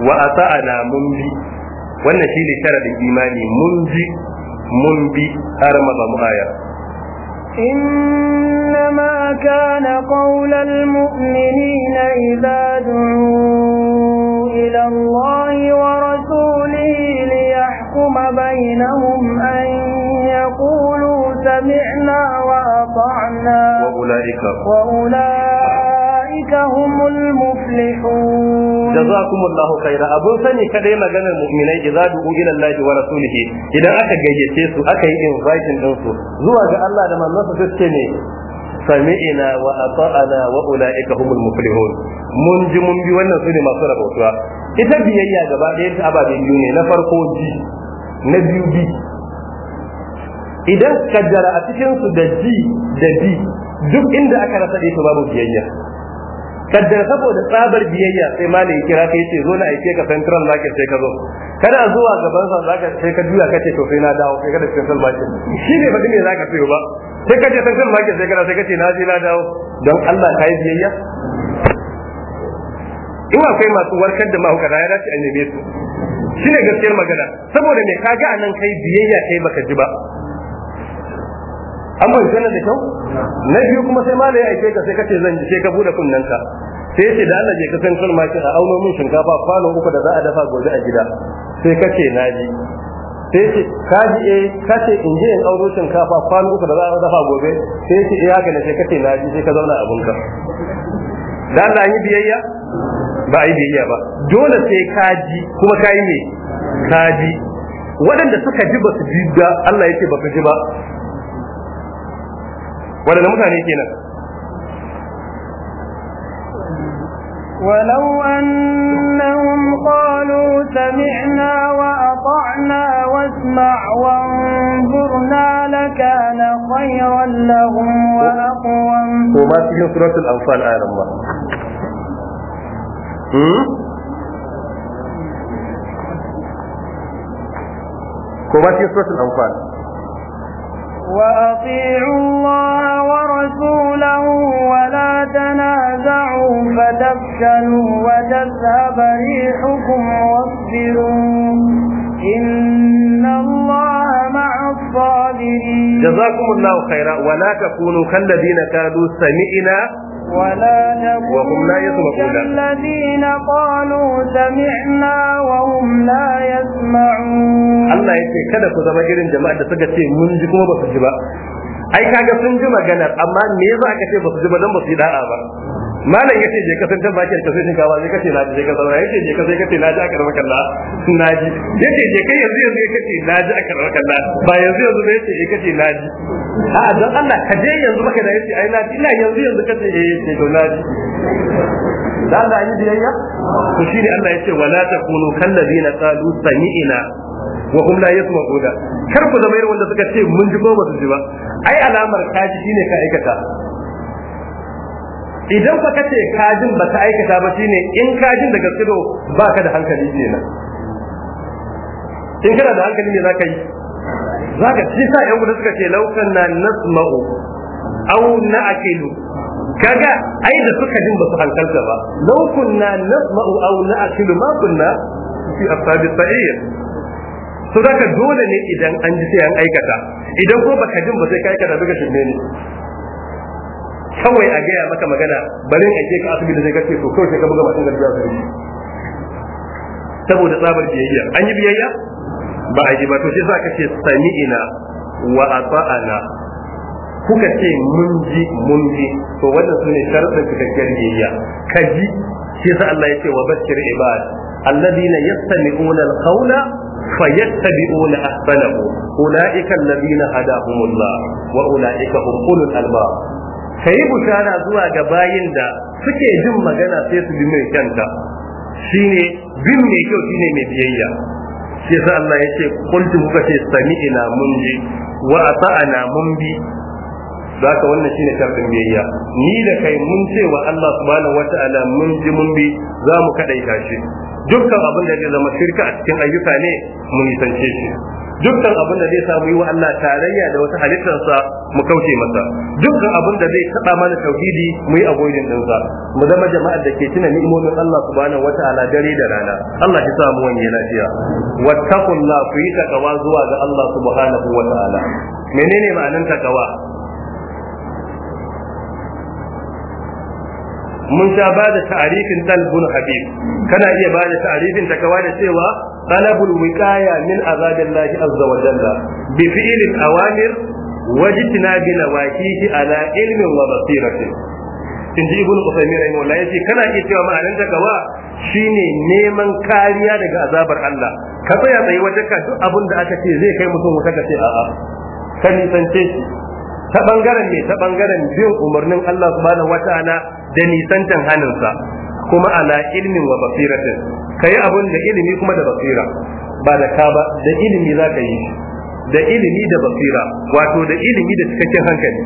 wa ata'ana mun bi wannan shine sharadin imani mun ji mun bi har mazamu ayar إنما كان قول المؤمنين إذا دعوا إلى الله ورسوله ليحكم بينهم أن يقولوا سمعنا وأطعنا وأولئك, وأولئك ulaika humul muflihun jazakumullahu khaira abun sani kadai maganar mu'minai idza du'u ila Allah wa rasulih idan aka gayyace su aka yi inviting din su zuwa ga Allah da manzon sa suke ne sami'ina wa ata'ana wa ulaika humul muflihun mun ji mun bi wannan su ne masu rabautuwa ita biyayya gaba ɗaya ta ababe biyu ne na farko ji na biyu bi idan kajjara a cikin su da ji da bi duk inda aka rasa ɗaya to babu biyayya kada saboda tsabar biyayya sai malam ya kira kai ce zo na aike ka central market sai ka zo a zuwa gaban sa zaka sai ka duya kace to sai na dawo sai ka da central market shi ne faɗi ne zaka sayo ba sai ka je central market sai kana sai ka ce na je na dawo don Allah kai biyayya in akwai masu warkar da da ya dace a neme su ne gaskiyar magana saboda me kaga anan kai biyayya kai baka ji ba an bai sanar da kyau na biyu kuma sai malai aike ka sai kace zan je ka bude kunnen ka sai ce da Allah je ka san sun ki a auno min shinkafa falo uku da za a dafa gobe a gida sai kace na ji sai ce ka ji eh ce in je in auno shinkafa falo uku da za a dafa gobe sai ce eh haka ne sai kace na ji sai ka zauna abun ka da Allah yi biyayya ba a yi biyayya ba dole sai ka ji kuma ka yi me ka ji waɗanda suka ji ba su ji da Allah yake ba su ji ba waɗanne mutane kenan ولو أنهم قالوا سمعنا وأطعنا واسمع وانظرنا لكان خيرا لهم وأقوم وما في سورة الأنفال آية الله كما في سورة الأنفال وأطيعوا الله ورسوله ولا تنازعوا فتفشلوا وتذهب ريحكم واصبروا إن الله مع الصابرين جزاكم الله خيرا ولا تكونوا كالذين كانوا سمعنا ولا نكون الذين قالوا سمعنا وهم لا يسمعون الله kada ku zama irin jama'a da suka ce mun ji kuma ba ji ba ai kaga sun ji maganar amma me yasa aka ce ba su ji ba dan ba su yi da'a ba malam yace je ka san dan bakin ka sai shinkafa sai kace na ji sai ka zauna yace je ka na kalla na ji kai yanzu yanzu na ji kalla ba yanzu yanzu na a don Allah ka je yanzu baka da yace ai na ina yanzu yanzu kace eh ce to na ji da yi biyayya to shi ne Allah yace wala takunu kal ladina qalu sami'na wa hum la yasma'una kar ku zama irin wanda suka ce mun ji ko ba su ji ba ai alamar kaji shine ka aikata idan ka kace kajin ba ta aikata ba shine in kajin daga ba baka da hankali kenan in kana da hankali ne zaka yi zaka shi sa yan gudu suka ce laukan na nasma'u aw na'qilu kaga ai da suka jin ba su hankalta ba laukan na nasma'u aw na'qilu ma kunna fi ashabi sa'ir su ka dole ne idan an ji sai an aikata idan ko baka jin ba sai ka aikata daga shirme ne kawai a gaya maka magana bari in aike ka asibiti sai ka ce to kawai sai ka buga mashin garbiya su saboda tsabar biyayya an yi biyayya ba a ji ba to shi za ka ce sami'ina wa ata'ana kuka ce mun ji mun ji to wannan su ne sharuɗin cikakkiyar biyayya ka ji shi za Allah ya ce wa bashir ibad alladhina yastami'una al-qawla fayattabi'una ahsanahu ulaika alladhina hadahumullah wa ulaika hum ulul albab kai bushara zuwa ga bayin da suke jin magana sai su bi mai kanta shine bin mai kyau shine mai biyayya shi sa Allah ya ce kuntu kuka ce sami'ina mun bi wa ata'ana mun bi zaka wannan shine sharɗin biyayya ni da kai mun ce wa Allah subhanahu wata'ala mun ji mun bi za mu kadaita shi dukkan abin da zai zama shirka a cikin ayyuka ne mun nisance shi dukkan abin da zai samu yi wa Allah tarayya da wata halittarsa mu kauce masa dukkan abin da zai taɓa mana tauhidi mu yi avoiding ɗinsa mu zama jama'ar da ke tuna ni'imomin Allah subhanahu wata'ala dare da rana Allah ya samu wani lafiya wattaqullah ku takawa zuwa ga Allah subhanahu wata'ala menene ma'anar takawa mun sha ba da ta'arifin talbun habib kana iya ba da ta'arifin ta kawai da cewa talabul wiqaya min azabillahi azza wa jalla bi fi'lil awamir wajitna bi nawahihi ala ilmin wa basiratin in ji ibnu usaymin rahimahullah yace kana iya cewa ma'anar ta kawa shine neman kariya daga azabar Allah ka tsaya tsaye wajen duk abin da aka ce zai kai mutum wuta ka ce a'a nisan ce shi ta bangaren ne ta bangaren bin umarnin Allah subhanahu wata'ala da nisantan hannunsa kuma ala ilmin wa basiratin kai abun da ilimi kuma da basira ba da ka ba da ilimi za ka yi da ilimi da basira wato da ilimi da cikakken hankali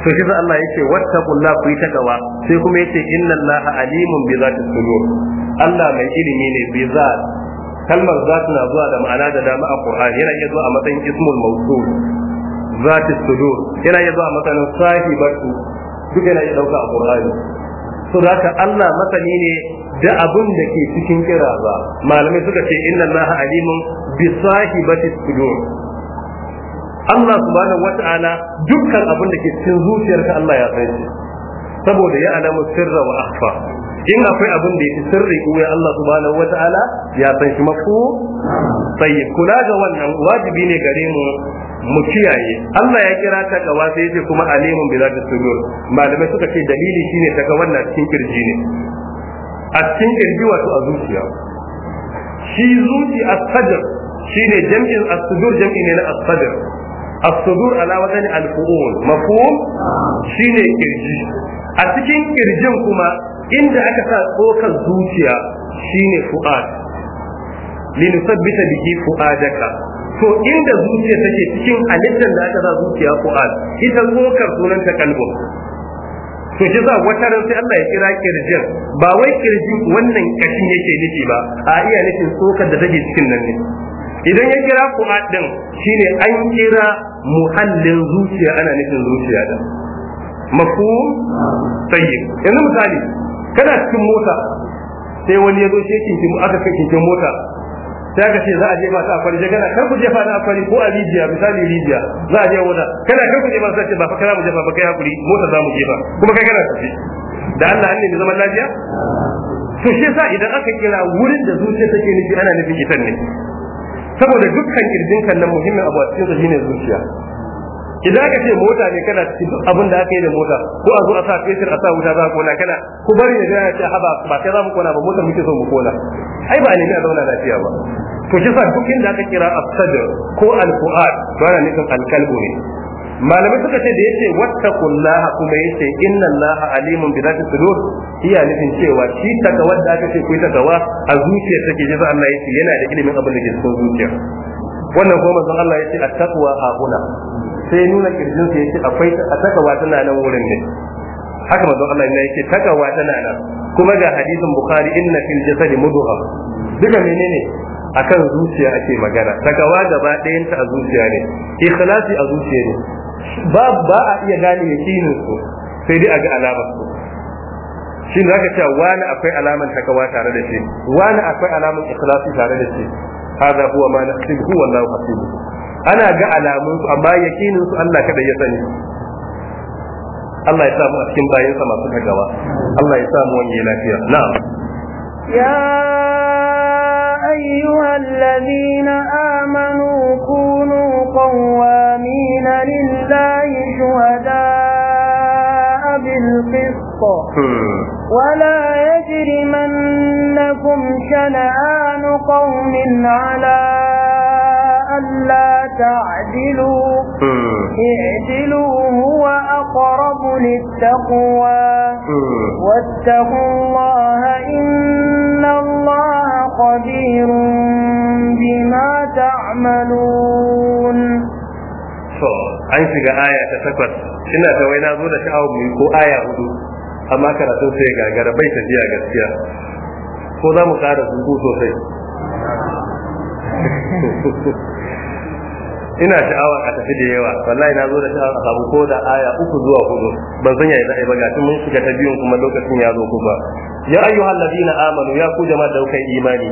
to shi Allah yake wattaqullah ku yi gawa sai kuma yace Allah alimun bi zati sudur Allah mai ilimi ne bi zat kalmar zat na zuwa da ma'ana da dama a Qur'ani yana iya zuwa a matsayin ismul mawsul zati sudur yana iya zuwa matsayin sahibatu duk yana iya dauka a qur'ani so zaka Allah masani ne da abun da ke cikin kira ba malamai suka ce inna allaha alimun bi sahibati sudur Allah subhanahu wata'ala dukkan abin da ke cikin zuciyarka Allah ya san shi saboda ya alamu sirra wa akhfa in akwai abin da yake sirri kuwa Allah subhanahu wata'ala ya san shi mafu tayyib kula ga wannan wajibi ne gare mu mu kiyaye Allah ya kira ta gawa sai yace kuma alimun bi zati sudur malamai suka ce dalili shine ta ga wannan cikin kirji ne a cikin kirji wato a zuciya shi zuci as-sadr shine jam'in as-sudur jam'i ne na as-sadr as-sudur ala wadani al-fu'ul mafhum shine kirji a cikin kirjin kuma inda aka sa tsokar zuciya shine fu'ad linusabbita bihi fu'adaka to inda zuciya take cikin halittar da aka za zuciya Qur'an ita tsokar sunan ta kalbo to shi za wata ran sai Allah ya kira kirjin ba wai kirjin wannan kashin yake nufi ba a iya nufin tsokar da take cikin nan ne idan ya kira Qur'an din shine an kira muhallin zuciya ana nufin zuciya din mafhum tayyib yanzu misali kana cikin mota sai wani ya zo shekin kinkin aka kai mota sai ka ce za a jefa ta akwari jagana kar ku jefa na akwari ko a rijiya misali rijiya za a je wata kana kar ku jefa sai ce ba fa kana mu jefa ba kai hakuri mota za mu jefa kuma kai kana tafi da Allah an nemi zaman lafiya to shi yasa idan aka kira wurin da zuciya take nufi ana nufin ita ne saboda dukkan kirjin kan nan muhimmin abu a cikin shine zuciya idan aka ce mota ne kana cikin abin da aka yi da mota ko a zo a sa fetur a sa wuta za a kona kana ku bari ne ya ce haba ba kai za mu kona ba mota muke so mu kona ai ba ne a zauna lafiya ba to shi sa duk da aka kira as ko al-fu'ad to ana nufin al-qalbu ne malamai suka ce da yace wattaqullaha kuma yace inna allaha alimun bi dhati sudur iya nufin cewa shi taka wanda aka ce ku takawa a zuciyar take ji Allah yace yana da ilimin abin da ke cikin zuciya wannan kuma manzon Allah yace at-taqwa hauna sai nuna kirjin sa yace akwai a takawa tana nan wurin ne haka manzo Allah ya yake takawa tana nan kuma ga hadisin bukhari inna fil jasadi mudghah duka menene akan zuciya ake magana takawa gaba ɗayan ta a zuciya ne ikhlasi a zuciya ne ba ba a iya gane yakinin su sai dai a ga alamar su shin zaka ce wani akwai alamar takawa tare da shi wani akwai alamar ikhlasi tare da shi hada huwa ma nasibu wallahu Allahu hasibu ana ga alamun su amma yakinin su Allah kada ya sani Allah ya samu a cikin bayansa masu tagawa Allah ya samu wani lafiya na'am ya أيها الذين آمنوا كونوا قوامين لله شهداء بالقسط ولا يجرمنكم شنآن قوم على ألا تعدلوا اعدلوا هو أقرب للتقوى واتقوا الله إن الله بما تعملون an shiga aya ta takwas ina da wai na zo da sha'awar mu ko aya hudu amma karatu sai gagara bai tafiya gaskiya ko za mu kara zuku sosai [laughs] ina sha'awa a tafi da yawa wallahi na zo da sha'awa a samu ko da aya uku zuwa hudu ban san yayi zai ba ga mun shiga ta biyun kuma lokacin ya zo ba. ya ayyuhal ladina amanu ya ku jama'a kai imani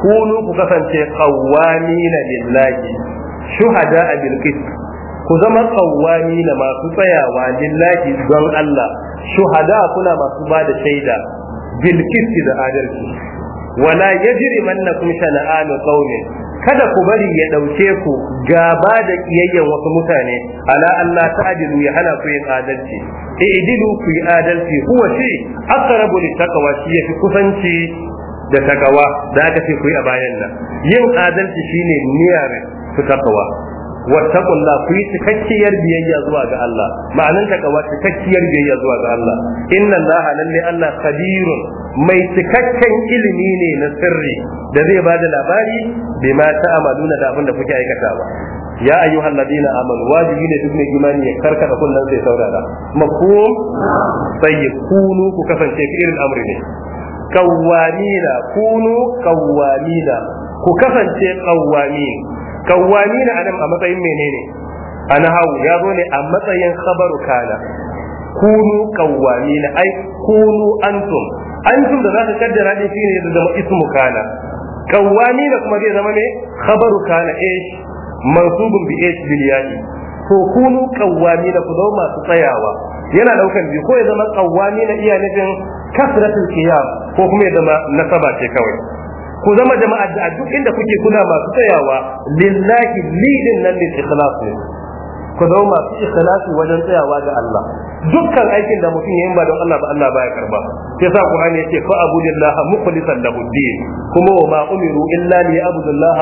kunu ku kasance qawwamina lillahi shuhada bil qist ku zama qawwamina masu tsayawa lillahi don Allah shuhada kuna masu ba da shaida bil qist da adalci wala yajrimannakum shana'anu qawmin kada ku bari ya ɗauke ku gaba da ƙiyayyen wasu mutane ala Allah ta adilu ya hana ku yin adalci idilu ku yi adalci kuwa shi aqrabu taqwa shi yafi kusanci da takawa da aka ce ku yi a bayan nan yin adalci shine niyyar ku takawa wattaqullah ku yi cikakkiyar biyayya zuwa ga Allah ma'anin ta kawai cikakkiyar biyayya zuwa ga Allah inna Allah lalle Allah kabirun mai cikakken ilimi ne na sirri da zai bada labari bima ta'amaluna da abin da kuke aikata ba. ya ayyuhal ladina amanu wajibi ne duk mai imani ya karkata kullun sai saurara makum sai kunu ku kasance irin amri ne kawwamina kunu kawwamina ku kasance kawwamina kawwami na anan a matsayin menene ana hau ya zo ne a matsayin khabaru kana kunu kawwami na ai kunu antum antum da za ka kaddara din shine ya zama ismu kana kawwami na kuma zai zama ne khabaru kana eh mansubun bi eh bil ya'i to kunu kawwami da ku zama masu tsayawa yana daukan biyu ko ya zama kawwami na iya nufin kasratul qiyam ko kuma ya zama nasaba ce kawai ku zama jama'a da duk inda kuke kuna masu tsayawa lillahi lidin nan ne ikhlas ku zama masu ikhlasi wajen tsayawa ga Allah dukkan aikin da mutum yayin ba don Allah ba Allah baya karba sai sa Qur'ani yace fa abudillah mukhlishan lahu din kuma wa ma umiru illa li abudillah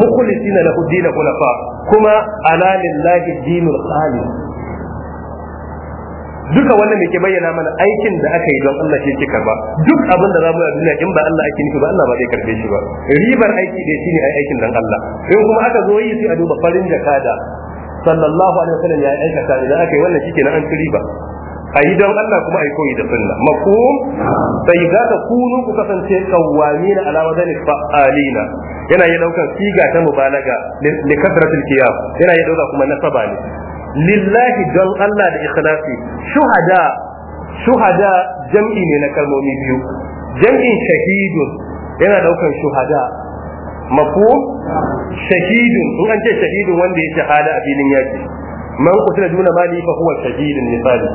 mukhlisina lahu din khulafa kuma ala lillahi dinul khalis duka wannan da ke bayyana mana aikin da aka yi don Allah shi ke karba duk abin da za mu yi a duniya in ba Allah ake nufi ba Allah ba zai karbe shi ba ribar aiki da shine ai aikin dan Allah in kuma aka zo yi sai a duba farin jakada sallallahu alaihi wasallam ya aikata idan aka yi wannan shi kenan an ci riba a yi don Allah kuma a yi koyi da sunna Mako sai za ka kunu ku kasance kawwami na da wajen fa'alina yana yi daukar siga ta mubalaga li kasratil kiyam yana yi dauka kuma nasaba ne lillahi don Allah da ikhlasi shuhada shuhada jam'i ne na kalmomi biyu jam'in shahidun yana daukan shuhada mafu shahidun in an ce shahidun wanda ya shahada a filin yaki man kutila duna mali fa huwa shahidun misali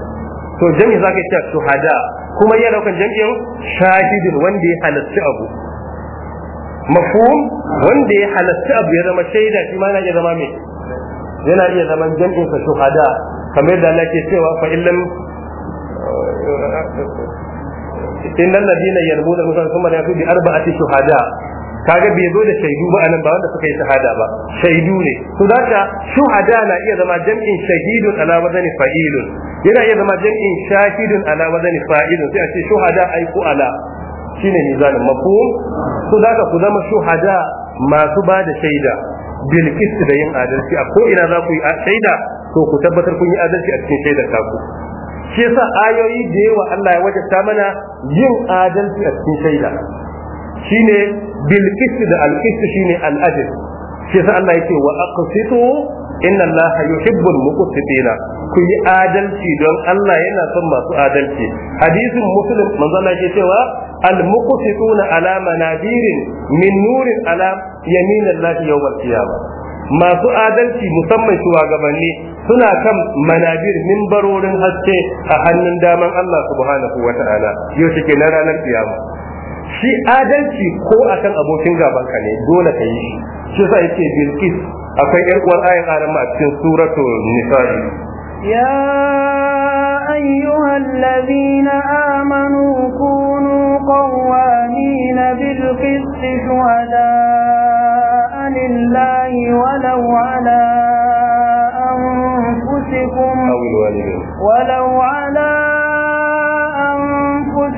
to jami za ka cewa shuhada kuma yana daukan jami'in shahidin wanda ya halarci abu mafhum wanda ya halarci abu ya zama shaida na ya zama mai yana iya zaman jam'insa sa shuhada kamar yadda Allah ke cewa fa illam innal ladina yarmuna musa kuma ya fi bi arba'ati shuhada kaga bai zo da shaidu ba anan ba wanda suka yi shahada ba shaidu ne to zaka shuhada na iya zama jam'in shahidun ala wazani fa'ilun yana iya zama jam'in shahidun ala wazani fa'ilun sai a ce shuhada ai ku ala shine mizanin mafhum to zaka ku zama shuhada masu ba da shaida bil da yin adalci a ko ina za ku yi shaida to ku tabbatar kun yi adalci a cikin shaidar taku shi yasa ayoyi da yawa Allah ya wajabta mana yin adalci a cikin shaida shine bil da al qist shine al adl shi yasa Allah yake wa aqsitu inna Allah yuhibbul muqsitina ku yi adalci don Allah yana son masu adalci hadisin muslim manzala ke cewa al muqsituna ala manabirin min nurin ala yamin Allah yawmal qiyamah masu adalci musamman shugabanni suna kan manabir minbarorin haske a hannun daman Allah subhanahu wa ta'ala yau shi na ranar kiyama shi adalci ko a akan abokin gaban ka ne dole ka yi shi shi sa yake bilkis akwai yar uwar ayin aran ma cikin suratul nisa'i ya ayyuhal ladina amanu kunu qawamin bil qist shuhada lillahi walau ala anfusikum ولو ala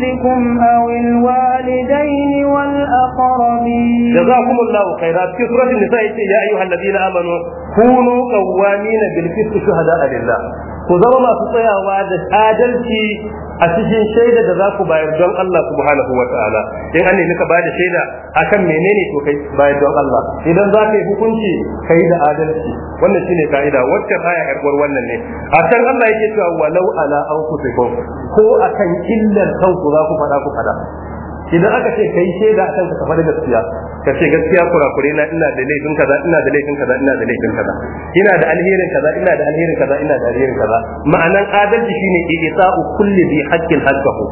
أنفسكم أو الوالدين والأقربين جزاكم الله خيرا في سورة النساء يا أيها الذين آمنوا كونوا قوامين بالكسر شهداء لله ku zama masu tsayawa da adalci a cikin shaida da za ku bayar don Allah subhanahu wa ta'ala in an nemi ka bayar da shaida akan menene to kai bayar don Allah idan za ka yi hukunci ka yi da adalci wannan shine ka'ida wacce baya yarwar wannan ne a can Allah yake cewa walau ala anfusikum ko akan illar kanku za ku faɗa ku faɗa idan aka ce kai shaida akan ka faɗa gaskiya ka ce gaskiya kurakure na ina da laifin kaza ina da laifin kaza ina da laifin kaza ina da alherin kaza ina da alherin kaza ina da alherin kaza ma'anan adalci shine i'ta'u kulli bi haqqin haqqahu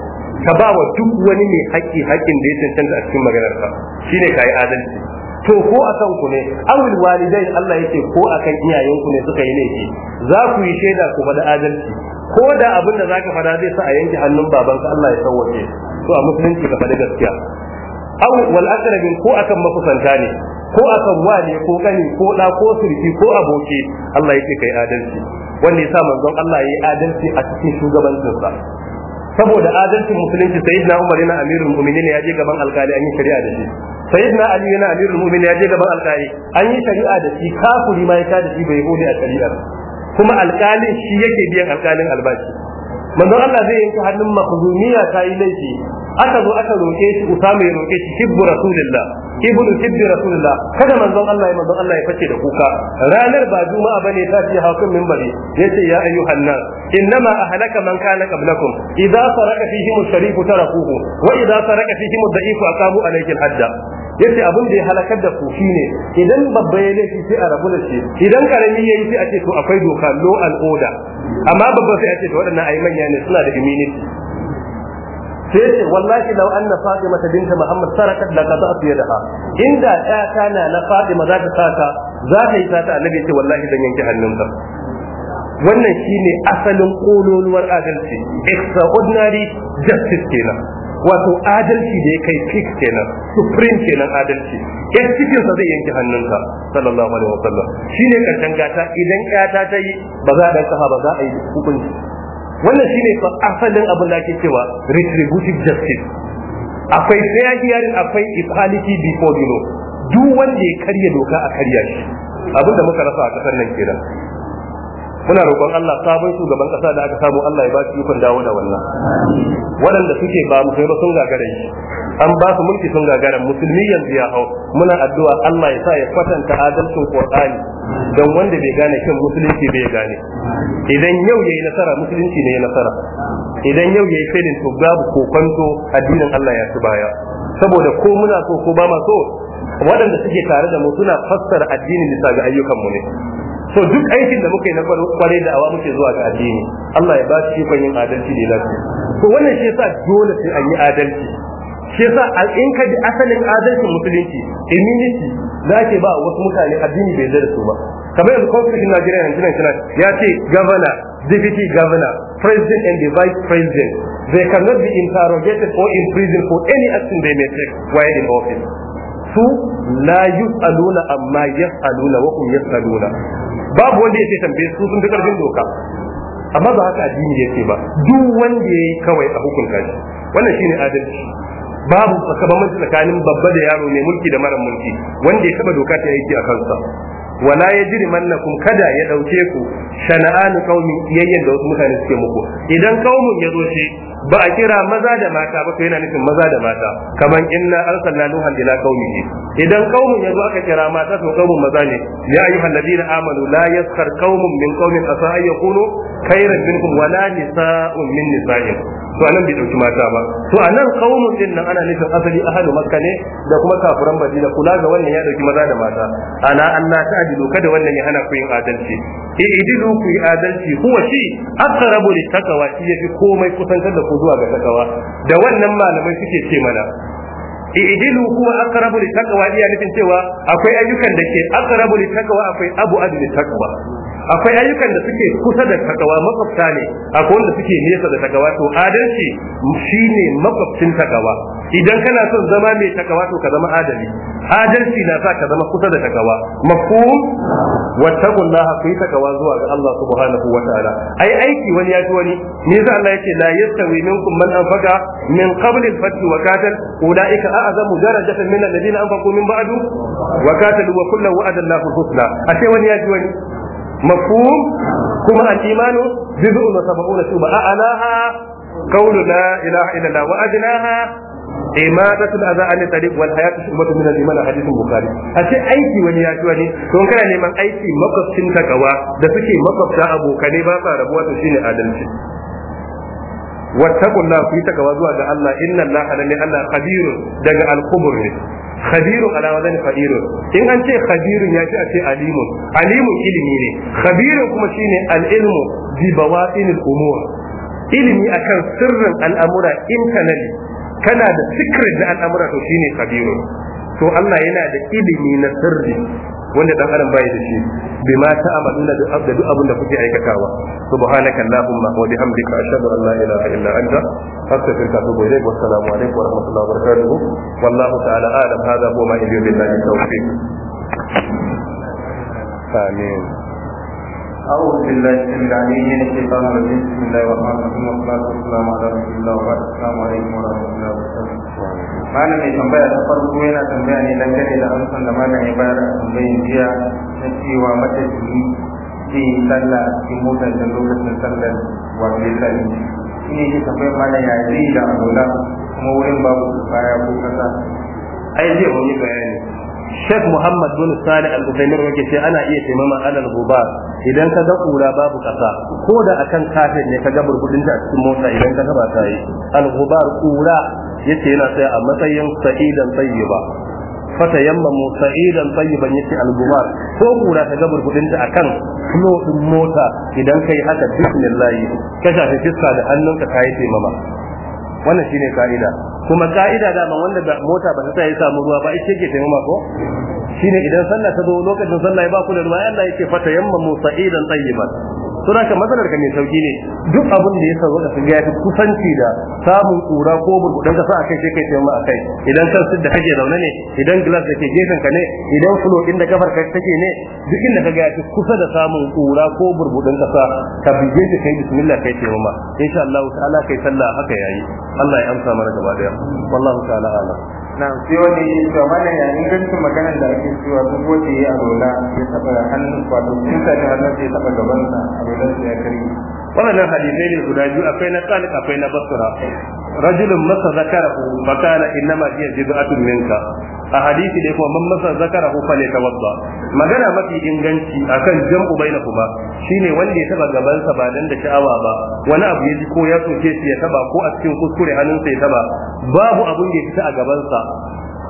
ka ba wa duk wani mai haƙƙi haƙƙin da ya cancanta a cikin maganarsa shine kai adalci to ko akan ku ne awil walidai Allah yake ko akan iyayenku ne suka yi laifi za ku yi shaida ku bada adalci ko da abin da zaka fara zai sa a yanke hannun babanka Allah ya sauwaje to a musulunci ka faɗi gaskiya aw wal aqrabin ko akan makusanta ne ko akan wane ko kani ko da ko surfi ko aboki Allah yake kai adalci wanda yasa manzon Allah yayi adalci a cikin sa saboda adalcin musulunci sayyidina Umar yana amirul mu'minin ya je gaban alkali an yi shari'a da shi sayyidina Ali yana amirul mu'minin ya je gaban alkali an yi shari'a da shi kafuri ma ya ta da shi bai hudi a shari'ar kuma alƙalin shi yake biyan alkalin albashi manzon Allah zai yanke hannun mafuzumiya ta yi laifi aka zo aka roƙe shi usama ya roƙe shi kibbu rasulillah ibnu hibbi rasulillah kada manzon Allah ya manzon Allah ya fice da kuka ranar ba juma'a bane ta ce hakan minbari yace ya ayyuhan nas innama ahlaka man kana qablakum idza saraka fihim sharif tarakuhu wa idza saraka fihim ad-da'if aqamu alayhi al-hadda yace abin da ya halakar da ku shine idan babba ya laifi sai a rabu da shi idan karami yayi sai a ce to akwai doka lo al order amma babba sai a ce to waɗannan ayi manya ne suna da immunity sai ce wallahi law anna fatima binta muhammad sarakat la da ha, inda ya kana na fatima za ta saka za ta yi sata annabi ce wallahi dan yanke hannunka wannan shine asalin kololuwar adalci extraordinary justice kenan wato adalci da ya kai fix kenan supreme kenan adalci yan cikin sa zai yanke hannunka sallallahu alaihi wasallam shine karshen gata idan ƙata ta yi ba za a ba za a yi hukunci wannan shi ne asalin abin da ake cewa retributive justice akwai fair hearing akwai equality before the law duk wanda ya karya doka a karya shi abin da muka rasa a kasar nan kenan muna roƙon Allah sabon shugaban ƙasa da aka samu Allah ya ba su ikon dawo da wannan waɗanda suke ba mu ba sun gagara shi an ba su mulki sun gagara musulmi yanzu ya hau muna addu'a Allah ya sa ya kwatanta adalcin Qur'ani don wanda bai gane kan musulunci bai gane idan yau yayi nasara musulunci ne ya nasara idan yau yayi failin to babu kokonto addinin Allah ya ci baya saboda ko muna so ko ba ma so waɗanda suke tare da mu suna fassara addinin bisa ga ayyukanmu ne so duk aikin da muka yi na kware da awa muke zuwa ga addini Allah ya ba shi ikon yin adalci da lafiya to wannan shi yasa dole sai an yi adalci shi yasa in ka ji asalin adalcin musulunci immunity da ake ba wasu mutane addini bai zai da su ba kamar yanzu conflict na Nigeria yanzu nan ya ce governor deputy governor president and the vice president they cannot be interrogated or imprisoned for any action they may take while in office su la yus'aluna amma yas'aluna wa hum yas'aluna babu wanda yake tambaye su sun fi doka amma ba haka addini yake ba duk wanda yayi kawai a hukunta shi wannan shine adalci babu sakamakon tsakanin babba da yaro mai mulki da mara mulki wanda ya taba doka ta yake a kansa wala yajrimannakum kada ya dauke ku shana'anu qaumin yayyan da wasu mutane suke muku idan qaumun ya zo shi ba a kira maza da mata ba to yana nufin maza da mata kaman inna arsalna nuhan ila qaumihi idan qaumun ya zo aka kira mata to qaumun maza ne ya ayyuhal ladina amanu la yaskar qaumun min qaumin asa ayyakunu khairan minkum wala nisa'un min nisa'in to anan bai dauki mata ba to anan qaumun din nan ana nufin asali ahlu makka ne da kuma kafiran madina kula ga wannan ya dauki maza da mata ana Allah ta adilu kada wannan ya hana ku yin adalci idilu ku yi adalci huwa shi aqrabu taqwa shi yafi komai kusantar da ku zuwa ga takawa da wannan malamai suke ce mana idilu huwa aqrabu taqwa ya nufin cewa akwai ayyukan da ke aqrabu taqwa akwai abu adu taqwa akwai ayyukan da suke kusa da takawa makwabta ne akwai wanda suke nesa da takawa to adalci shine makwabcin takawa idan kana son zama mai takawa to ka zama adali adalci na sa ka zama kusa da takawa mafhum wattaqullaha fi takawa zuwa ga Allah subhanahu wa ta'ala ai aiki wani ya ci wani me yasa Allah yake la yastawi minkum man anfaqa min qabl al-fath wa qatal ulaika a'zamu darajatan min alladhina anfaqu min ba'du wa qatalu wa kullu wa'ada Allahu husna ashe wani ya ci wani مفهوم كما الإيمان جزء وسبعون شعبة أعلاها قول لا إله إلا الله وأدناها إماتة الأذى عن الطريق والحياة شعبة من الإيمان حديث البخاري أشي أيكي وني أشواني كون كان نيمان أيكي مقف سنتكوا دفكي مقف تا أبو كني باسا ربوة شيني آدمشي wattaqullah ku yi takawa zuwa ga Allah inna Allah lalle Allah khabirun daga al-khubur ne khabirun ala wadan khabirun in an ce khabirun ya ce a ce alimun alimun ilimi ne khabirun kuma shine al-ilmu bi bawatinil umur ilimi akan sirrin al'amura internally kana da secret na al'amura to shine khabirun to Allah yana da ilimi na sirri wanda dan adam bai da shi bima ta'maluna da abda duk abin da kuke aikatawa subhanaka allahumma wa bihamdika ashhadu an la ilaha illa anta astaghfiruka wa atubu wa assalamu alaykum wa rahmatullahi wa barakatuh wallahu ta'ala alam hadha huwa ma yuridu billahi tawfiq amin أعوذ بالله من العلي الشيطان الرجيم بسم الله الرحمن الرحيم والصلاة والسلام على رسول الله وبعد السلام عليكم ورحمة الله وبركاته malam mai tambaya ta farko yana tambaya ne dangane da amsan da mana ya bayar a tambayin jiya na cewa matafiyi zai yi sallah a cikin motar da lokacin sallar wato ya sani shi ne shi tambayar mana ya zai yi da alola kuma wurin babu baya ko kasa ai zai wani bayani Sheikh Muhammad bin Salih Al-Uthaymeen yake ce ana iya taimama alal guba idan ka ga kura babu kasa ko da akan kafin ne ka ga burbudin ta a cikin mota idan ka gaba ta yi al-gubar kura yace yana tsaya a matsayin sa'idan tayyiba fata yamma mu sa'idan tayyiban yace al-Gumar, ko kura ta gabar kudin ta akan flo din mota idan kai haka bismillah ka shafe fiska da hannunka ka yi taimama wannan shine ka'ida kuma ka'ida da wanda mota ba ta tsaya samu ruwa ba ishe ke taimama ko shine idan sallah ta zo lokacin sallah ba ku da ruwa Allah yake fata yamma mu sa'idan tayyiban suna kan matsalar ka mai sauki ne duk abin da ya sauka ka sun ya kusanci da samun kura ko burbudan ka sa akai sai kai a akai idan kan su da kake zaune ne idan glass da ke gefen ka ne idan fulo din da kafar ka take ne duk inda ka gaya kusa da samun kura ko burbudan ka sa ka bige shi kai bismillah kai ma, insha Allah ta'ala kai sallah haka yayi Allah ya amsa mana gaba daya wallahu ta'ala alam na siyo ne to mana ya ni maganar da ake cewa duk wanda ya alola ya taba hannun wato sun sani hannun ya taba gaban sa a ya kare wannan hadisai ne guda biyu akwai na tsalik akwai na basra rajulun masa zakarahu fa kana innama hiya jiz'atun minka a hadisi ne kuma man masa zakarahu fa ta tawadda magana mafi inganci akan jam'u Shi shine wanda ya taba gabansa ba dan da sha'awa ba wani abu ya ji ko ya soke shi ya taba ko a cikin kuskure hannunsa ya taba babu abun da ya fita a gabansa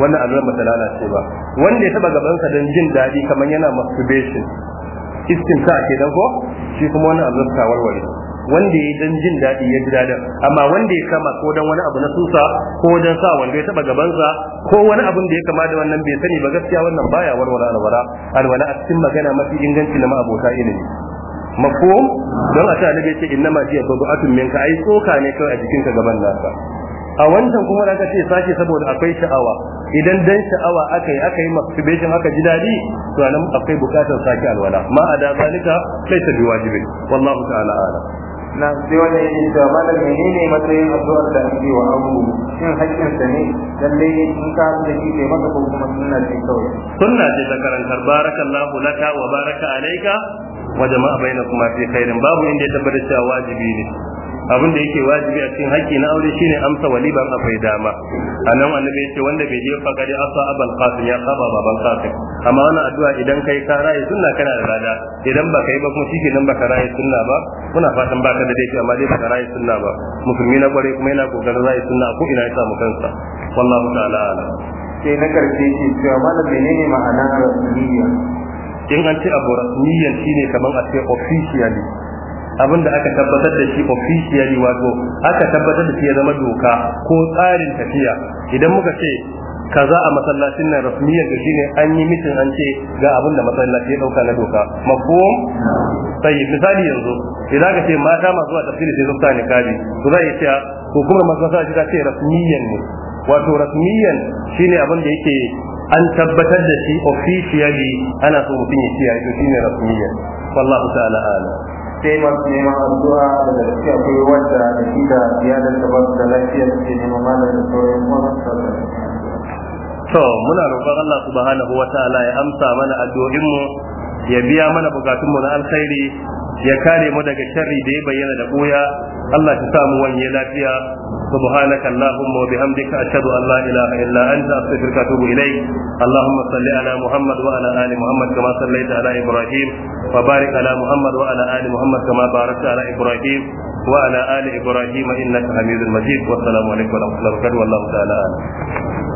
wannan allurar ba ta lalace ba wanda ya taba gabansa don jin daɗi kamar yana masturbation sa ke dan ko shi kuma wani abu ta warware wanda ya dan jin daɗi ya ji daɗin amma wanda ya kama ko dan wani abu na susa ko dan sa wanda ya taba gabansa ko wani abun da ya kama da wannan bai sani ba gaskiya wannan baya warware alwara alwala a cikin magana mafi inganci na ma'abota ilimi mafhum don a ta nabi ce innama hiya babu'atun minka ai tsoka ne kai a jikinka gaban nasa a wancan kuma da aka ce sake saboda akwai sha'awa idan dan sha'awa aka yi aka yi masturbation aka ji dadi to anan akwai bukatar sake alwala ma a da zalika sai ta bi wajibi wallahu ta'ala ala na sai wannan yake cewa malam menene matsayin addu'ar da ake wa abu shin hakkin sa ne lalle in ka da shi kai maka ko kuma sunna ce kawai sunna ce ta karantar barakallahu laka wa baraka alayka wa jama'a bainakum fi khairin babu inda ya tabbata cewa wajibi ne abin da yake wajibi a cikin haƙƙi na aure shine amsa waliban akwai dama anan annabi yace wanda bai je faga da asa abal qasim ya saba baban qasim amma wannan addu'a idan kai ka raye sunna kana da rada, idan ba kai ba kuma shike nan ba ka raye sunna ba muna fatan ba ka da dai amma dai ba ka raye sunna ba musulmi na kware kuma yana kokarin raye sunna ko ina ya samu kansa wallahu ta'ala sai na karshe shi cewa malam menene ma'anar rasmiyya in an ce abu rasmiyya shine kamar a ce officially abin da aka tabbatar da shi officially wato aka tabbatar da shi ya zama doka ko tsarin tafiya idan muka ce kaza a masallacin nan rasmiyyar da shine an yi mitin an ce ga abin da masallaci ya dauka na doka mafhum sai misali yanzu idan ka ce mata masu zuwa tafsiri sai zuwa ne kaji to za iya ko hukumar masallaci ta ce rasmiyan ne wato rasmiyan shine abin da yake an tabbatar da shi officially ana so mutum ya kiyaye shi ne rasmiyan wallahu ta'ala a'lam sai addu'a da da gaske akwai da shi da ziyarar da ba su da to muna roƙon Allah subhanahu wa ta'ala ya amsa mana addu'o'in mu ya biya mana bukatun mu na alkhairi ya kare mu daga sharri da ya bayyana da boya Allah ya samu wanye lafiya سبحانك اللهم وبحمدك أشهد أن لا إله إلا أنت أستغفرك وأتوب إليك اللهم صل على محمد وعلى آل محمد كما صليت على إبراهيم وبارك على محمد وعلى آل محمد كما باركت على إبراهيم وعلى آل إبراهيم إنك حميد مجيد والسلام عليكم ورحمة الله وبركاته والله تعالى أعلم